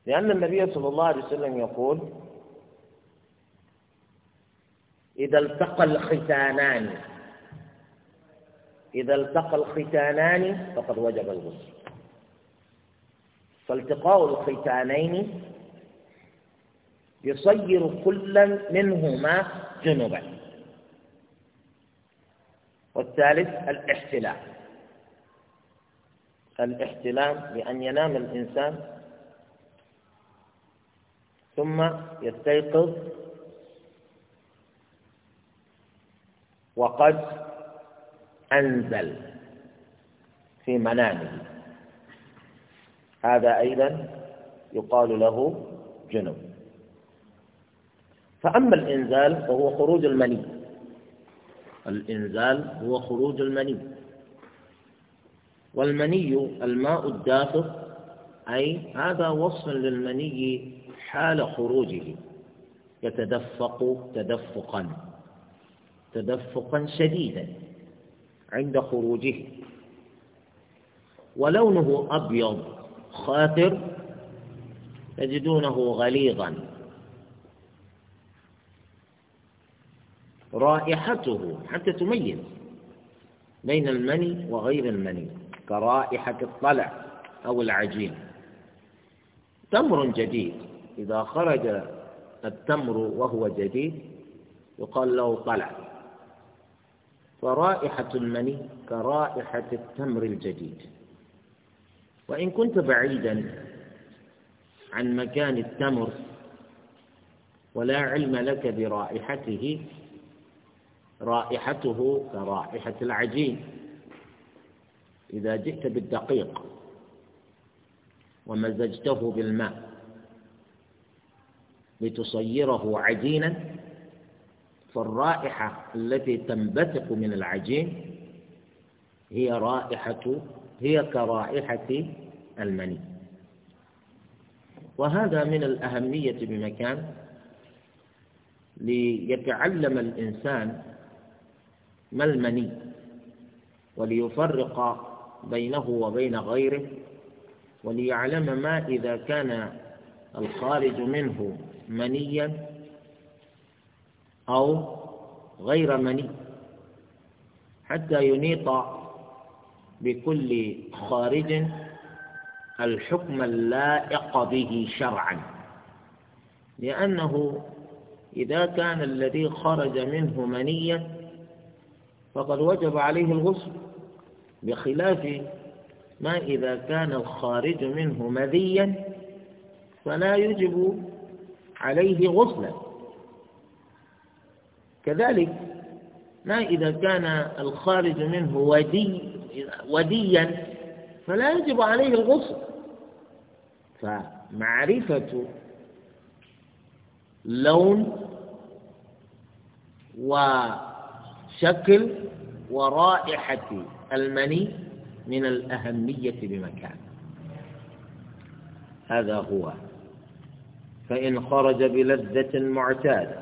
لأن النبي صلى الله عليه وسلم يقول إذا التقى الختانان إذا التقى الختانان فقد وجب الغسل فالتقاء الخيتانين يصير كلا منهما جنبا والثالث الاحتلام الاحتلام بأن ينام الإنسان ثم يستيقظ وقد أنزل في منامه هذا أيضا يقال له جنب فأما الإنزال فهو خروج المني الإنزال هو خروج المني والمني الماء الدافق أي هذا وصف للمني حال خروجه يتدفق تدفقا تدفقا شديدا عند خروجه ولونه أبيض خاطر تجدونه غليظا رائحته حتى تميز بين المني وغير المني كرائحة الطلع أو العجين تمر جديد إذا خرج التمر وهو جديد يقال له طلع فرائحة المني كرائحة التمر الجديد وإن كنت بعيدا عن مكان التمر ولا علم لك برائحته رائحته كرائحة العجين إذا جئت بالدقيق ومزجته بالماء لتصيره عجينا فالرائحة التي تنبثق من العجين هي رائحة هي كرائحة المني وهذا من الأهمية بمكان ليتعلم الإنسان ما المني وليفرق بينه وبين غيره وليعلم ما إذا كان الخارج منه منيا أو غير مني حتى ينيط بكل خارج الحكم اللائق به شرعا لأنه إذا كان الذي خرج منه منيا فقد وجب عليه الغسل بخلاف ما إذا كان الخارج منه مذيا فلا يجب عليه غسلا كذلك ما إذا كان الخارج منه ودي وديا فلا يجب عليه الغسل فمعرفة لون وشكل ورائحة المني من الأهمية بمكان هذا هو فإن خرج بلذة معتادة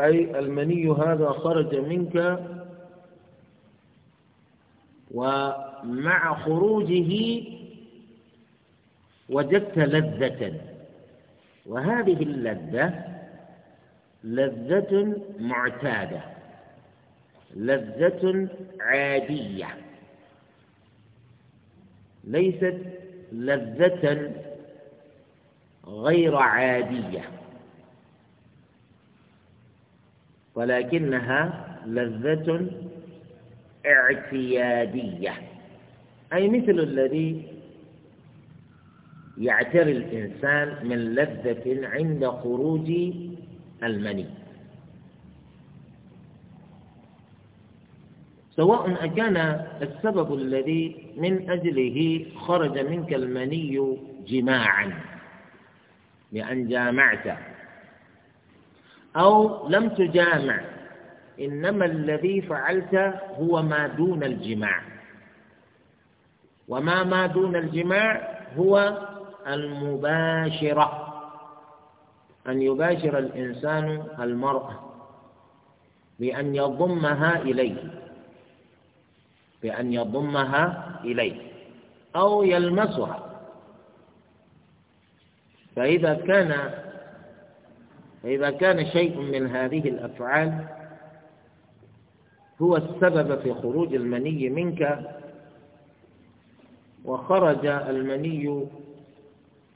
أي المني هذا خرج منك ومع خروجه وجدت لذة وهذه اللذة لذة معتادة لذة عادية ليست لذة غير عادية ولكنها لذة اعتيادية أي مثل الذي يعتري الإنسان من لذة عند خروج المني سواء أكان السبب الذي من أجله خرج منك المني جماعا لأن جامعت أو لم تجامع إنما الذي فعلت هو ما دون الجماع وما ما دون الجماع هو المباشرة أن يباشر الإنسان المرأة بأن يضمها إليه بأن يضمها إليه أو يلمسها فإذا كان فإذا كان شيء من هذه الأفعال هو السبب في خروج المني منك وخرج المني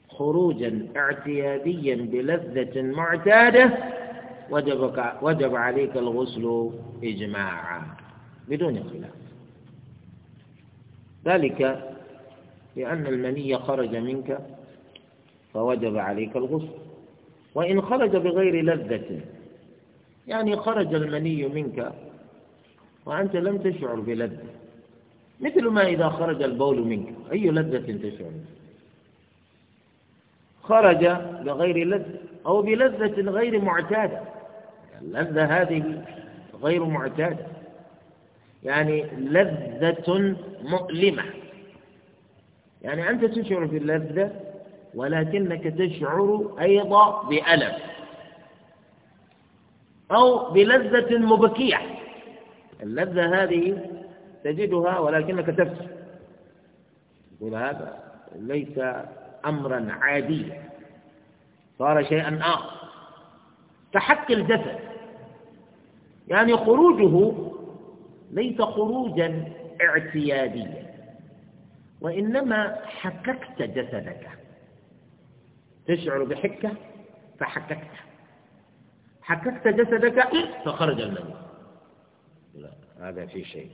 خروجا اعتياديا بلذة معتادة وجب وجب عليك الغسل إجماعا بدون خلاف ذلك لأن المني خرج منك فوجب عليك الغسل وإن خرج بغير لذة يعني خرج المني منك وأنت لم تشعر بلذة مثل ما إذا خرج البول منك أي لذة تشعر خرج بغير لذة أو بلذة غير معتادة اللذة هذه غير معتادة يعني لذة مؤلمة يعني أنت تشعر باللذة ولكنك تشعر أيضا بألم أو بلذة مبكية اللذة هذه تجدها ولكنك تفشل يقول هذا ليس أمرا عاديا صار شيئا آخر كحك الجسد يعني خروجه ليس خروجا اعتياديا وإنما حككت جسدك تشعر بحكة فحككتها حككت جسدك فخرج المني هذا في شيء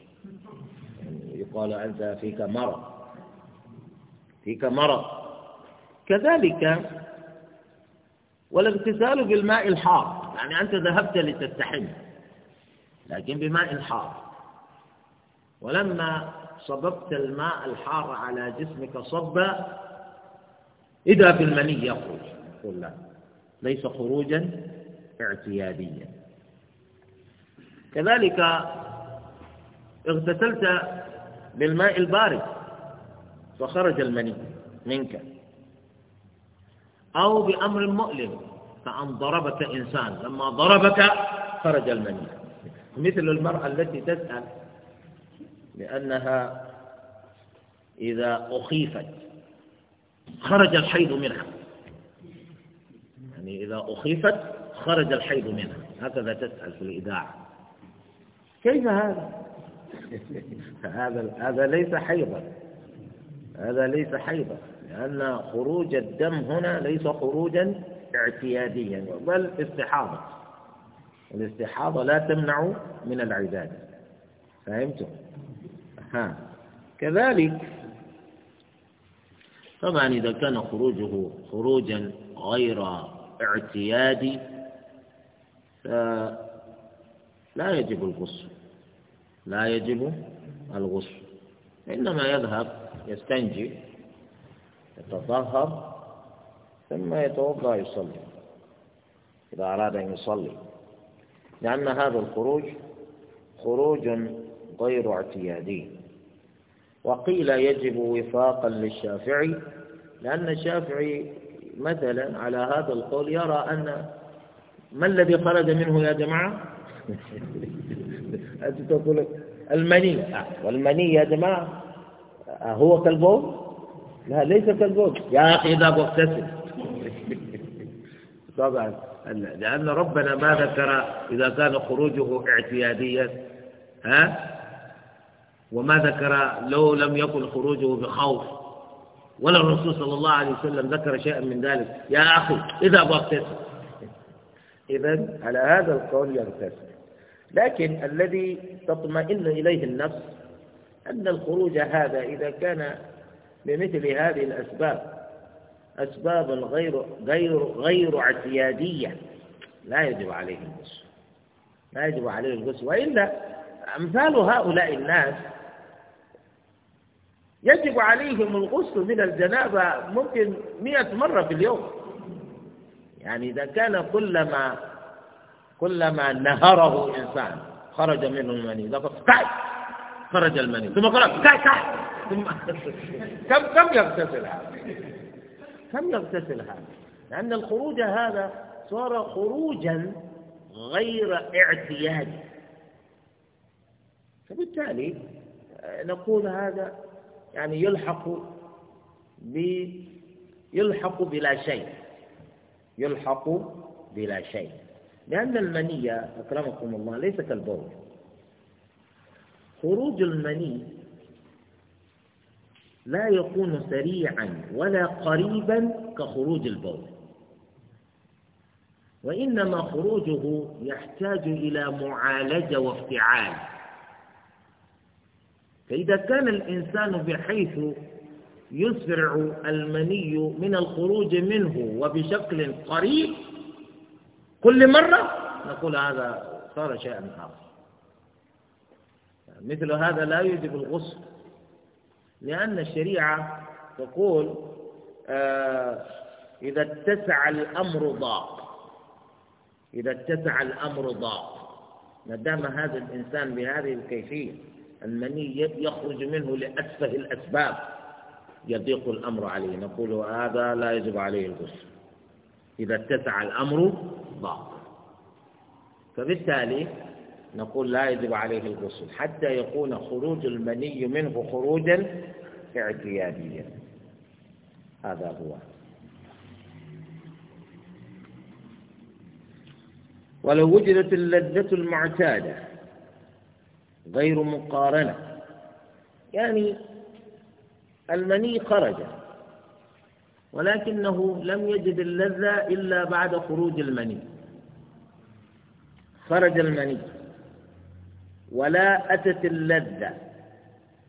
يعني يقال أنت فيك مرض فيك مرض كذلك والاغتسال بالماء الحار يعني أنت ذهبت لتستحم لكن بماء حار ولما صببت الماء الحار على جسمك صبا إذا في المني يخرج يقول لا ليس خروجا اعتياديا كذلك اغتسلت بالماء البارد فخرج المني منك أو بأمر مؤلم فأن ضربك إنسان لما ضربك خرج المني مثل المرأة التي تسأل لأنها إذا أخيفت خرج الحيض منها يعني إذا أخيفت خرج الحيض منها هكذا تسأل في الإذاعة كيف هذا؟ هذا هذا ليس حيضا هذا ليس حيضا لأن خروج الدم هنا ليس خروجا اعتياديا بل استحاضة الاستحاضة لا تمنع من العبادة فهمتم؟ ها كذلك طبعا إذا كان خروجه خروجا غير اعتيادي فلا يجب الغسل لا يجب الغسل إنما يذهب يستنجي يتطهر ثم يتوضأ يصلي إذا أراد أن يصلي لأن هذا الخروج خروج غير اعتيادي وقيل يجب وفاقا للشافعي لأن الشافعي مثلا على هذا القول يرى أن ما الذي خرج منه يا جماعة أنت تقول المني آه، والمني يا جماعة آه، هو كالبول لا ليس كالبول يا أخي إذا بغتسل طبعا لأن ربنا ما ذكر إذا كان خروجه اعتياديا ها وما ذكر لو لم يكن خروجه بخوف ولا الرسول صلى الله عليه وسلم ذكر شيئا من ذلك يا أخي إذا بغتسل إذا على هذا القول يغتسل لكن الذي تطمئن إليه النفس أن الخروج هذا إذا كان بمثل هذه الأسباب أسباب غير غير غير اعتيادية لا يجب عليه الغسل لا يجب عليه الغسل وإلا أمثال هؤلاء الناس يجب عليهم الغسل من الجنابة ممكن مئة مرة في اليوم يعني إذا كان كلما كلما نهره إنسان خرج منه المني لقد كاي خرج المني ثم قال كاي كاي ثم كم كم يغتسل هذا كم يغتسل هذا لأن الخروج هذا صار خروجا غير اعتيادي فبالتالي آه، نقول هذا يعني يلحق ب يلحق بلا شيء يلحق بلا شيء لأن المنية أكرمكم الله ليس كالبول خروج المني لا يكون سريعا ولا قريبا كخروج البول وإنما خروجه يحتاج إلى معالجة وافتعال فإذا كان الإنسان بحيث يسرع المني من الخروج منه وبشكل قريب كل مرة نقول هذا صار شيئا آخر مثل هذا لا يجب الغسل لأن الشريعة تقول آه إذا اتسع الأمر ضاق إذا اتسع الأمر ضاق ما دام هذا الإنسان بهذه الكيفية المني يخرج منه لأسفه الأسباب يضيق الأمر عليه نقول هذا لا يجب عليه الغسل إذا اتسع الأمر الضعف فبالتالي نقول لا يجب عليه الغسل حتى يكون خروج المني منه خروجا اعتياديا هذا هو ولو وجدت اللذة المعتادة غير مقارنة يعني المني خرج ولكنه لم يجد اللذة إلا بعد خروج المني خرج المني ولا أتت اللذة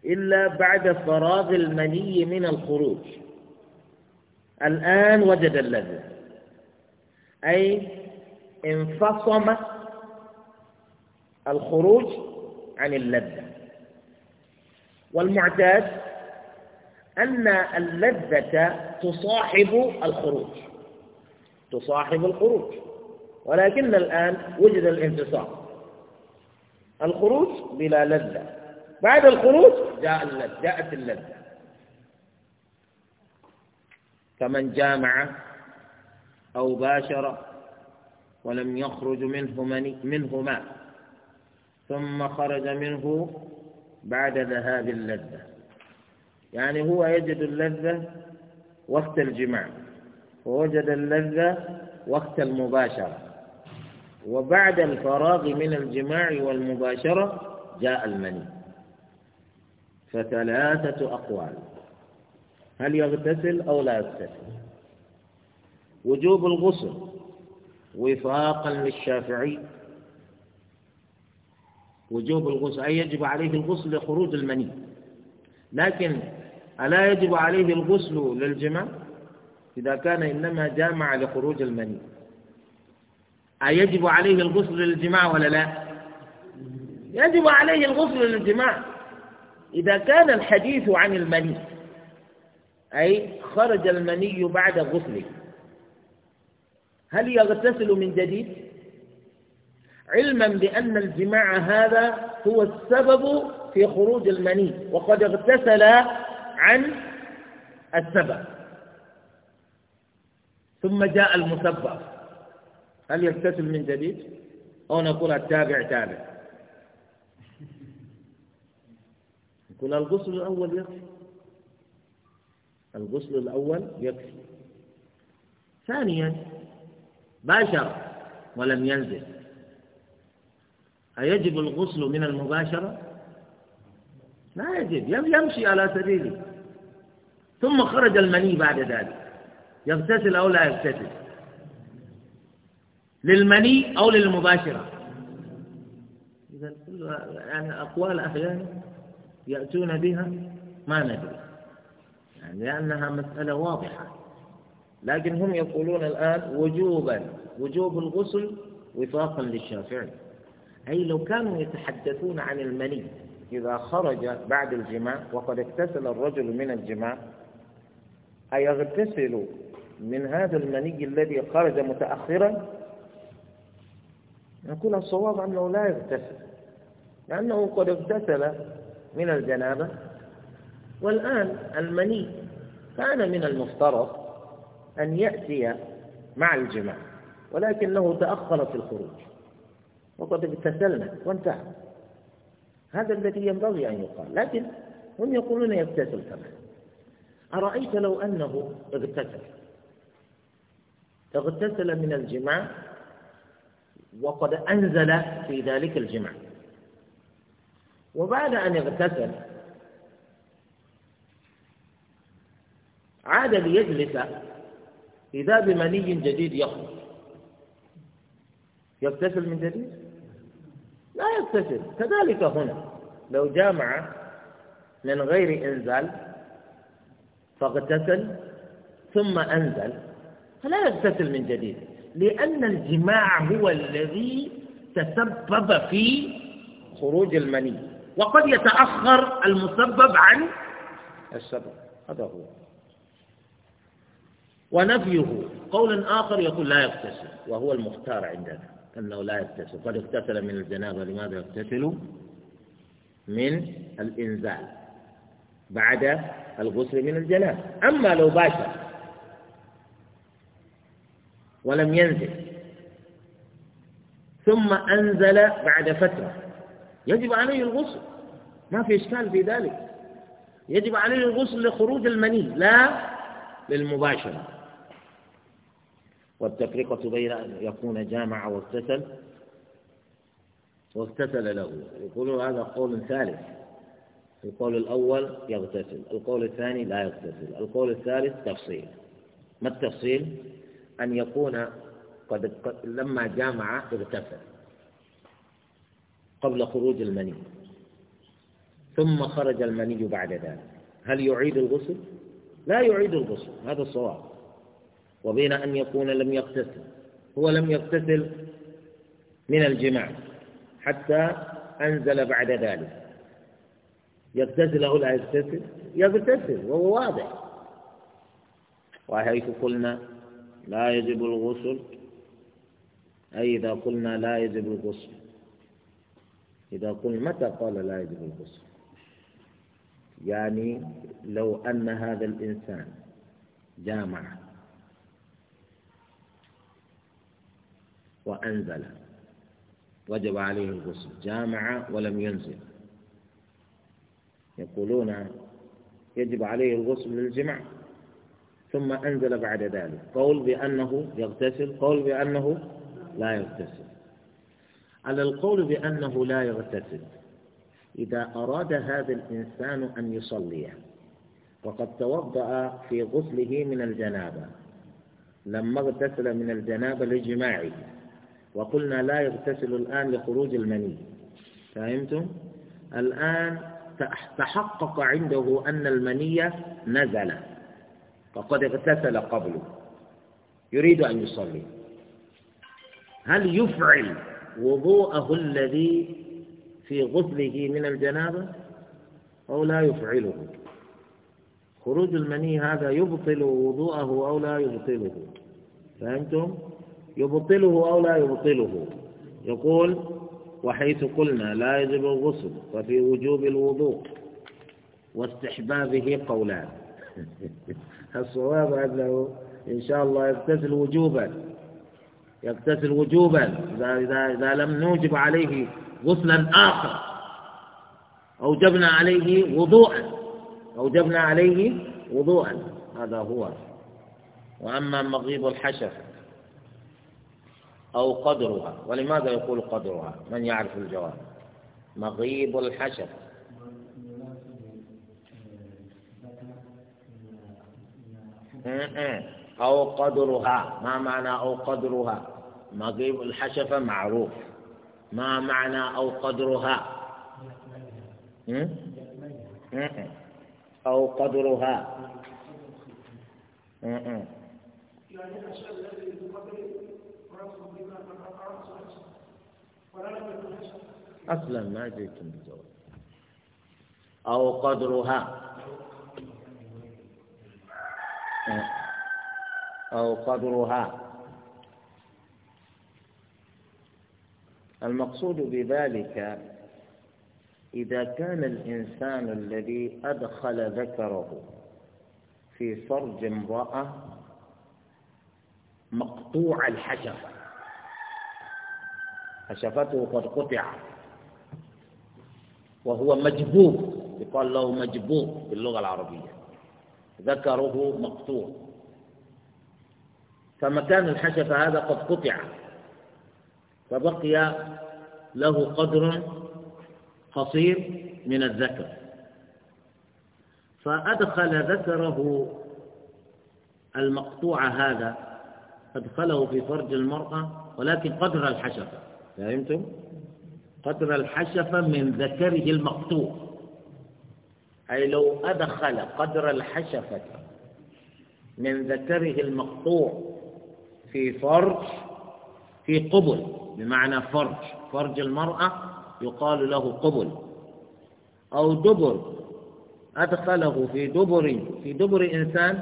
إلا بعد فراغ المني من الخروج الآن وجد اللذة أي انفصم الخروج عن اللذة والمعتاد أن اللذة تصاحب الخروج تصاحب الخروج ولكن الآن وجد الانتصار الخروج بلا لذة بعد الخروج جاء اللذة جاءت اللذة فمن جامع أو باشر ولم يخرج منه مني منه ماء ثم خرج منه بعد ذهاب اللذة يعني هو يجد اللذة وقت الجماع ووجد اللذة وقت المباشرة وبعد الفراغ من الجماع والمباشرة جاء المني فثلاثة أقوال هل يغتسل أو لا يغتسل وجوب الغسل وفاقا للشافعي وجوب الغسل أي يجب عليه الغسل لخروج المني لكن ألا يجب عليه الغسل للجماع إذا كان إنما جامع لخروج المني أيجب عليه الغسل للجماع ولا لا يجب عليه الغسل للجماع إذا كان الحديث عن المني أي خرج المني بعد غسله هل يغتسل من جديد علما بأن الجماع هذا هو السبب في خروج المني وقد اغتسل عن السبب ثم جاء المسبب هل يغتسل من جديد أو نقول التابع تابع نقول الغسل الأول يكفي الغسل الأول يكفي ثانيا باشر ولم ينزل أيجب الغسل من المباشرة؟ لا يجب يمشي على سبيله ثم خرج المني بعد ذلك يغتسل أو لا يغتسل للمني أو للمباشرة إذا يعني أقوال أحيانا يأتون بها ما ندري يعني لأنها مسألة واضحة لكن هم يقولون الآن وجوبا وجوب الغسل وفاقا للشافعي أي لو كانوا يتحدثون عن المني إذا خرج بعد الجماع وقد اغتسل الرجل من الجماع أيغتسل من هذا المني الذي خرج متأخرا نقول الصواب أنه لا يغتسل لأنه قد اغتسل من الجنابة والآن المني كان من المفترض أن يأتي مع الجماع ولكنه تأخر في الخروج وقد اغتسلنا وانتهى هذا الذي ينبغي أن يقال لكن هم يقولون يغتسل كمان أرأيت لو أنه اغتسل اغتسل من الجماع وقد أنزل في ذلك الجماع وبعد أن اغتسل عاد ليجلس إذا بمني جديد يخرج يغتسل من جديد لا يغتسل كذلك هنا لو جامع من غير إنزال فاغتسل ثم أنزل فلا يغتسل من جديد لأن الجماع هو الذي تسبب في خروج المني وقد يتأخر المسبب عن السبب هذا هو ونفيه قول آخر يقول لا يغتسل وهو المختار عندنا أنه لا يغتسل قد اغتسل من الجنابة لماذا يغتسل من الإنزال بعد الغسل من الجنابة أما لو باشر ولم ينزل ثم أنزل بعد فترة يجب عليه الغسل ما في إشكال في ذلك يجب عليه الغسل لخروج المني لا للمباشرة والتفرقة بين أن يكون جامع واغتسل واغتسل له يقولون هذا قول ثالث القول الأول يغتسل القول الثاني لا يغتسل القول الثالث تفصيل ما التفصيل أن يكون قد لما جامع اغتسل قبل خروج المني ثم خرج المني بعد ذلك هل يعيد الغسل؟ لا يعيد الغسل هذا الصواب وبين أن يكون لم يغتسل هو لم يغتسل من الجماع حتى أنزل بعد ذلك يغتسل أو لا يغتسل يغتسل وهو واضح وحيث قلنا لا يجب الغسل أي إذا قلنا لا يجب الغسل إذا قلنا متى قال لا يجب الغسل يعني لو أن هذا الإنسان جامع وأنزل وجب عليه الغسل جامع ولم ينزل يقولون يجب عليه الغسل للجمع ثم أنزل بعد ذلك قول بأنه يغتسل قول بأنه لا يغتسل على القول بأنه لا يغتسل إذا أراد هذا الإنسان أن يصلي وقد توضأ في غسله من الجنابة لما اغتسل من الجنابة لجماعه وقلنا لا يغتسل الآن لخروج المني فهمتم؟ الآن تحقق عنده أن المنية نزل فقد اغتسل قبله يريد أن يصلي هل يفعل وضوءه الذي في غسله من الجنابة أو لا يفعله خروج المني هذا يبطل وضوءه أو لا يبطله فهمتم؟ يبطله أو لا يبطله يقول وحيث قلنا لا يجب الغسل ففي وجوب الوضوء واستحبابه قولان الصواب أنه إن شاء الله يغتسل وجوبا يغتسل وجوبا إذا, إذا, إذا لم نوجب عليه غسلا آخر أوجبنا عليه وضوءا أوجبنا عليه وضوءا هذا هو وأما مغيب الحشر أو قدرها ولماذا يقول قدرها من يعرف الجواب مغيب الحشر أو قدرها ما معنى أو قدرها مغيب الحشفة معروف ما معنى أو قدرها أو قدرها أو قدرها أصلا ما جئتم بزواج أو قدرها أو قدرها المقصود بذلك إذا كان الإنسان الذي أدخل ذكره في فرج امرأة مقطوع الحشفة حشفته قد قطع وهو مجبوب يقال له مجبوب باللغة العربية ذكره مقطوع فمكان الحشف هذا قد قطع فبقي له قدر قصير من الذكر فأدخل ذكره المقطوع هذا أدخله في فرج المرأة ولكن قدر الحشفة فهمتم؟ قدر الحشفة من ذكره المقطوع أي لو أدخل قدر الحشفة من ذكره المقطوع في فرج في قبل بمعنى فرج فرج المرأة يقال له قبل أو دبر أدخله في دبر في دبر إنسان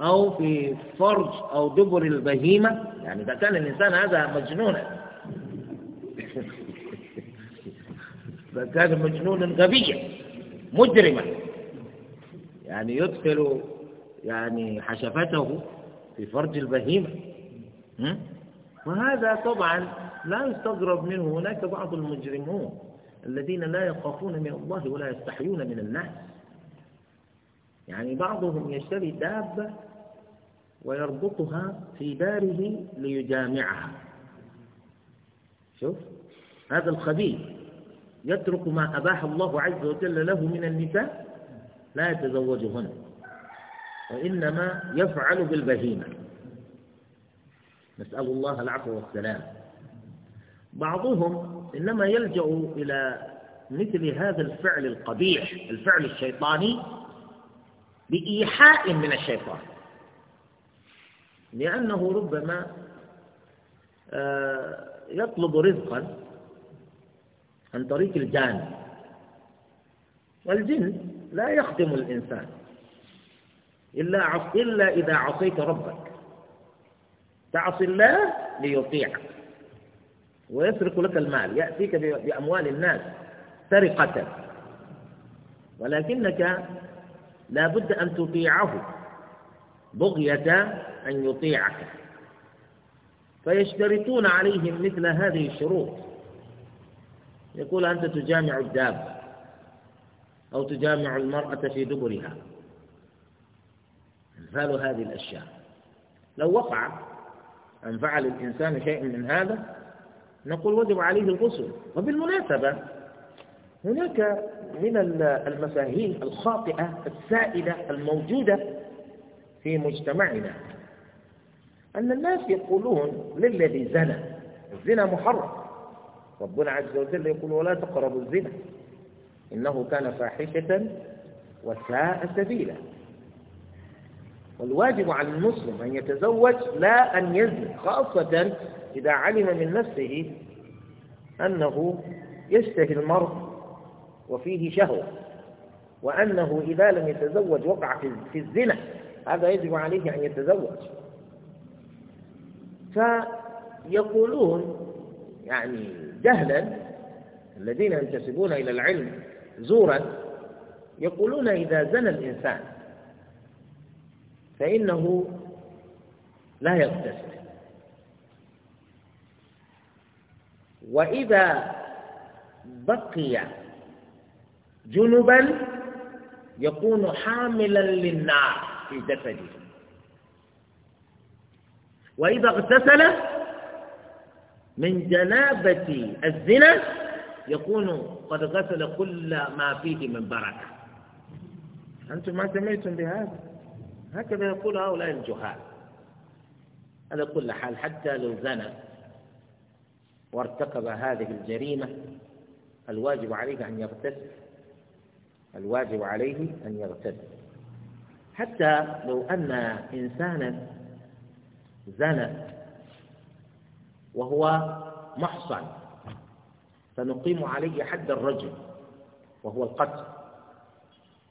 أو في فرج أو دبر البهيمة يعني إذا كان الإنسان هذا مجنونا فكان مجنونا غبيا مجرما يعني يدخل يعني حشفته في فرج البهيمة وهذا طبعا لا يستغرب منه هناك بعض المجرمون الذين لا يخافون من الله ولا يستحيون من الناس يعني بعضهم يشتري دابة ويربطها في داره ليجامعها شوف هذا الخبيث يترك ما أباح الله عز وجل له من النساء لا يتزوجهن وإنما يفعل بالبهيمة نسأل الله العفو والسلام بعضهم إنما يلجأ إلى مثل هذا الفعل القبيح الفعل الشيطاني بإيحاء من الشيطان لأنه ربما آه، يطلب رزقا عن طريق الجان والجن لا يخدم الإنسان إلا عص إلا إذا عصيت ربك تعصي الله ليطيعك ويسرق لك المال يأتيك بأموال الناس سرقة ولكنك لا بد أن تطيعه بغية أن يطيعك فيشترطون عليهم مثل هذه الشروط يقول أنت تجامع الدابة أو تجامع المرأة في دبرها أمثال هذه الأشياء لو وقع أن فعل الإنسان شيء من هذا نقول وجب عليه الغسل وبالمناسبة هناك من المفاهيم الخاطئة السائدة الموجودة في مجتمعنا أن الناس يقولون للذي زنى الزنا محرم ربنا عز وجل يقول ولا تقربوا الزنا إنه كان فاحشة وساء سبيلا والواجب على المسلم أن يتزوج لا أن يزني خاصة إذا علم من نفسه أنه يشتهي المرء وفيه شهوة وأنه إذا لم يتزوج وقع في الزنا هذا يجب عليه أن يتزوج فيقولون يعني جهلا الذين ينتسبون إلى العلم زورا يقولون إذا زنى الإنسان فإنه لا يغتسل وإذا بقي جنبا يكون حاملا للنار في جسده وإذا اغتسل من جنابة الزنا يكون قد غسل كل ما فيه من بركة أنتم ما سمعتم بهذا هكذا يقول هؤلاء الجهال على كل حال حتى لو زنى وارتكب هذه الجريمة الواجب عليه أن يغتسل الواجب عليه أن يغتسل حتى لو أن إنسانا زنى وهو محصن فنقيم عليه حد الرجل وهو القتل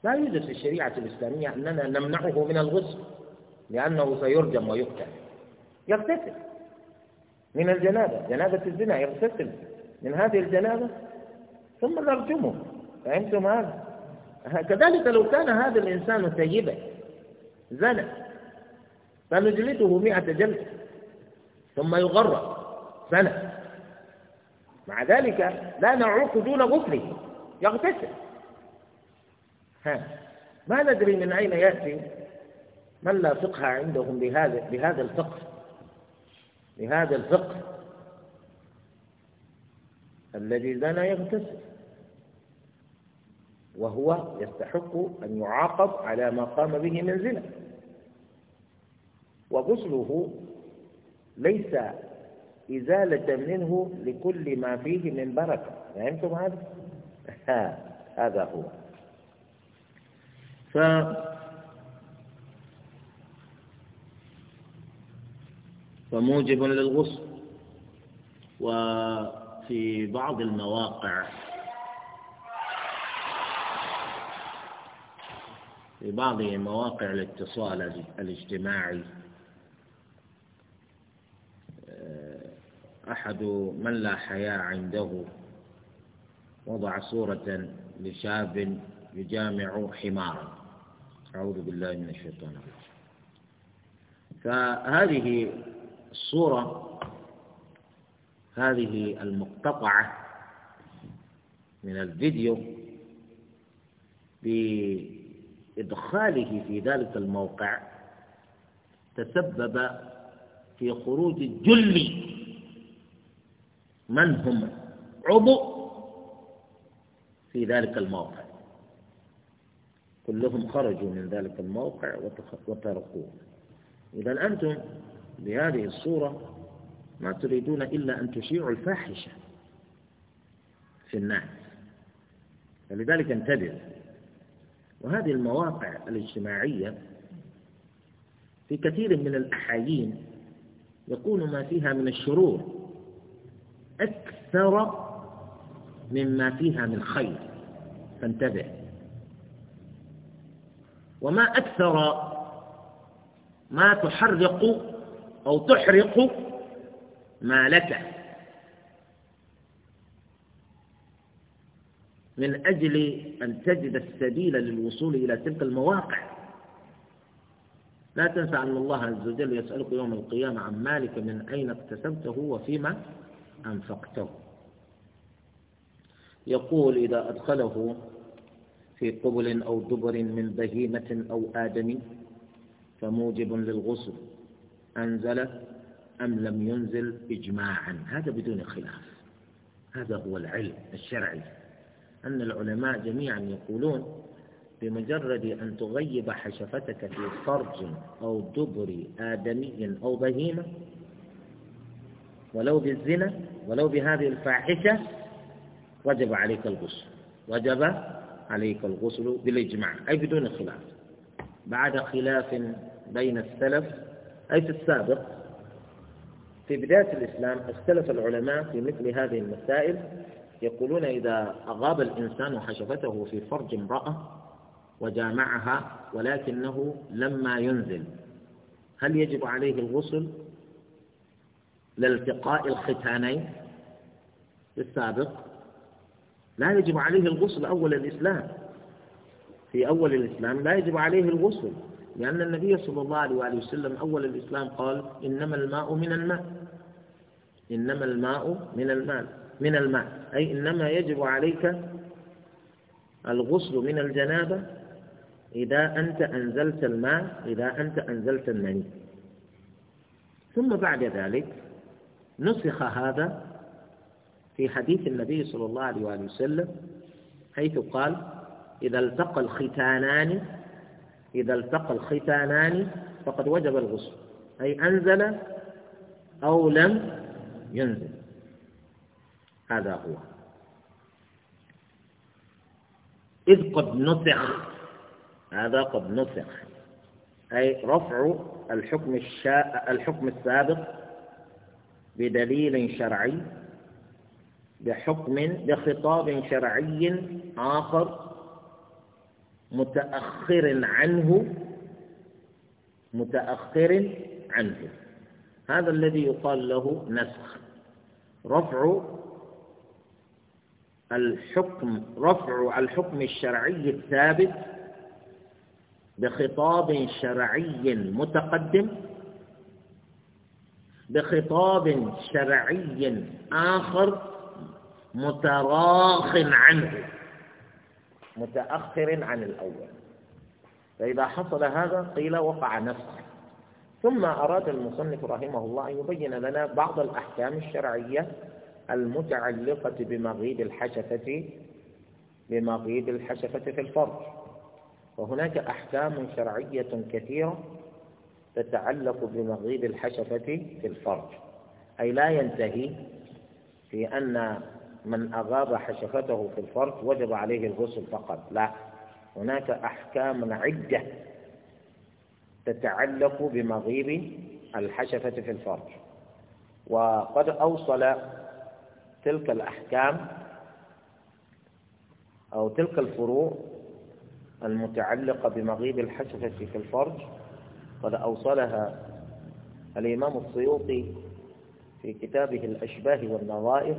لا يوجد في الشريعة الإسلامية أننا نمنعه من الغسل لأنه سيرجم ويقتل يغتسل من الجنابة جنابة الزنا يغتسل من هذه الجنابة ثم نرجمه فهمتم هذا كذلك لو كان هذا الإنسان سيبا زنا فنجلده مئة جلسة ثم يغرق سنة مع ذلك لا نعوق دون غسله يغتسل ها ما ندري من أين يأتي من لا فقه عندهم بهذا بهذا الفقه بهذا الفقه الذي زنى يغتسل وهو يستحق أن يعاقب على ما قام به من زنا وغسله ليس إزالة منه لكل ما فيه من بركة فهمتم هذا؟ ها هذا هو ف فموجب للغصن وفي بعض المواقع في بعض مواقع الاتصال الاجتماعي أحد من لا حياء عنده وضع صورة لشاب يجامع حمارا أعوذ بالله من الشيطان الرجيم فهذه الصورة هذه المقتطعة من الفيديو بإدخاله في ذلك الموقع تسبب في خروج الجلي من هم عضو في ذلك الموقع كلهم خرجوا من ذلك الموقع وتركوه إذا أنتم بهذه الصورة ما تريدون إلا أن تشيعوا الفاحشة في الناس فلذلك انتبه وهذه المواقع الاجتماعية في كثير من الأحايين يكون ما فيها من الشرور أكثر مما فيها من خير فانتبه وما أكثر ما تحرق أو تحرق مالك من أجل أن تجد السبيل للوصول إلى تلك المواقع لا تنسى أن الله عز وجل يسألك يوم القيامة عن مالك من أين اكتسبته وفيما أنفقته يقول إذا أدخله في قبل أو دبر من بهيمة أو آدم فموجب للغسل أنزل أم لم ينزل إجماعا هذا بدون خلاف هذا هو العلم الشرعي أن العلماء جميعا يقولون بمجرد أن تغيب حشفتك في فرج أو دبر آدمي أو بهيمة ولو بالزنا ولو بهذه الفاحشة وجب عليك الغسل وجب عليك الغسل بالإجماع أي بدون خلاف بعد خلاف بين السلف أي في السابق في بداية الإسلام اختلف العلماء في مثل هذه المسائل يقولون إذا أغاب الإنسان حشفته في فرج امرأة وجامعها ولكنه لما ينزل هل يجب عليه الغسل لالتقاء الختانين في السابق لا يجب عليه الغسل أول الإسلام في أول الإسلام لا يجب عليه الغسل لأن النبي صلى الله عليه وآله وسلم أول الإسلام قال إنما الماء من الماء إنما الماء من الماء من الماء أي إنما يجب عليك الغسل من الجنابة إذا أنت أنزلت الماء إذا أنت أنزلت المني ثم بعد ذلك نسخ هذا في حديث النبي صلى الله عليه وآله وسلم حيث قال إذا التقى الختانان إذا التقى الختانان فقد وجب الغسل أي أنزل أو لم ينزل هذا هو إذ قد نسخ هذا قد نسخ أي رفع الحكم الشا... الحكم السابق بدليل شرعي بحكم بخطاب شرعي آخر متأخر عنه متأخر عنه هذا الذي يقال له نسخ رفع الحكم رفع الحكم الشرعي الثابت بخطاب شرعي متقدم بخطاب شرعي آخر متراخ عنه متأخر عن الأول فإذا حصل هذا قيل وقع نفسه ثم أراد المصنف رحمه الله أن يبين لنا بعض الأحكام الشرعية المتعلقة بمغيب الحشفة بمغيب الحشفة في الفرج وهناك أحكام شرعية كثيرة تتعلق بمغيب الحشفة في الفرج أي لا ينتهي في أن من أغاب حشفته في الفرج وجب عليه الغسل فقط لا هناك أحكام عدة تتعلق بمغيب الحشفة في الفرج وقد أوصل تلك الأحكام أو تلك الفروع المتعلقة بمغيب الحشفة في الفرج قد أوصلها الإمام السيوطي في كتابه الأشباه والنظائر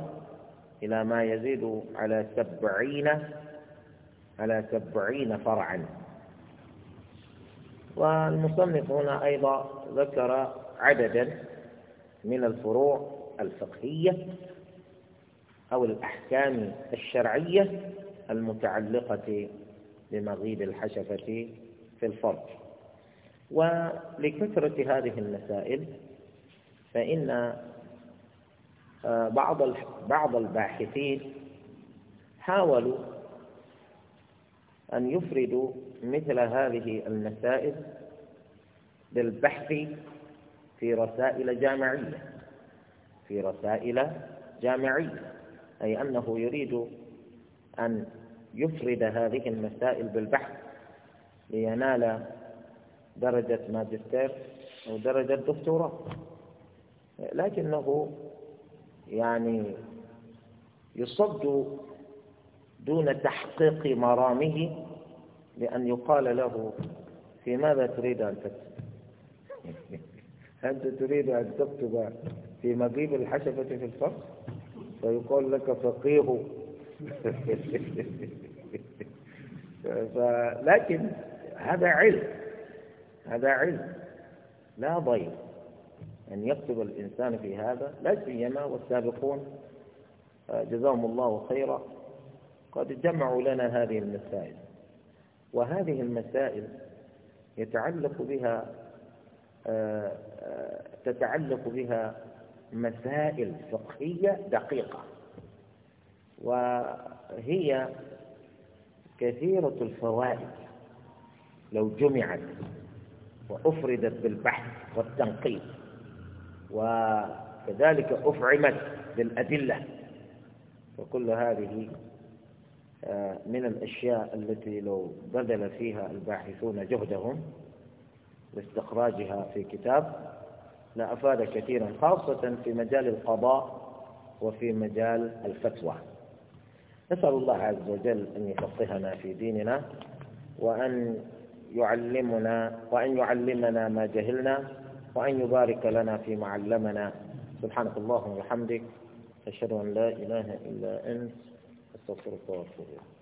إلى ما يزيد على سبعين على سبعين فرعا والمصنف هنا أيضا ذكر عددا من الفروع الفقهية أو الأحكام الشرعية المتعلقة بمغيب الحشفة في الفرج ولكثرة هذه المسائل فإن آه، بعض بعض الباحثين حاولوا أن يفردوا مثل هذه المسائل للبحث في رسائل جامعية في رسائل جامعية أي أنه يريد أن يفرد هذه المسائل بالبحث لينال درجة ماجستير أو درجة دكتوراه لكنه يعني يصد دون تحقيق مرامه لأن يقال له في ماذا تريد أن تكتب أنت تريد أن تكتب في مجيب الحشفة في الفقه فيقال لك فقيه لكن هذا علم هذا علم لا ضير أن يكتب الإنسان في هذا لا سيما والسابقون آه، جزاهم الله خيرا قد جمعوا لنا هذه المسائل وهذه المسائل يتعلق بها آه، آه، تتعلق بها مسائل فقهية دقيقة وهي كثيرة الفوائد لو جمعت وأفردت بالبحث والتنقيب وكذلك أفعمت بالأدلة وكل هذه آه، من الأشياء التي لو بذل فيها الباحثون جهدهم لاستخراجها في كتاب لأفاد كثيرا خاصة في مجال القضاء وفي مجال الفتوى نسأل الله عز وجل أن يفقهنا في ديننا وأن يعلمنا وأن يعلمنا ما جهلنا وأن يبارك لنا فيما علمنا سبحانك اللهم وبحمدك أشهد أن لا إله إلا أنت أستغفرك وأتوب إليك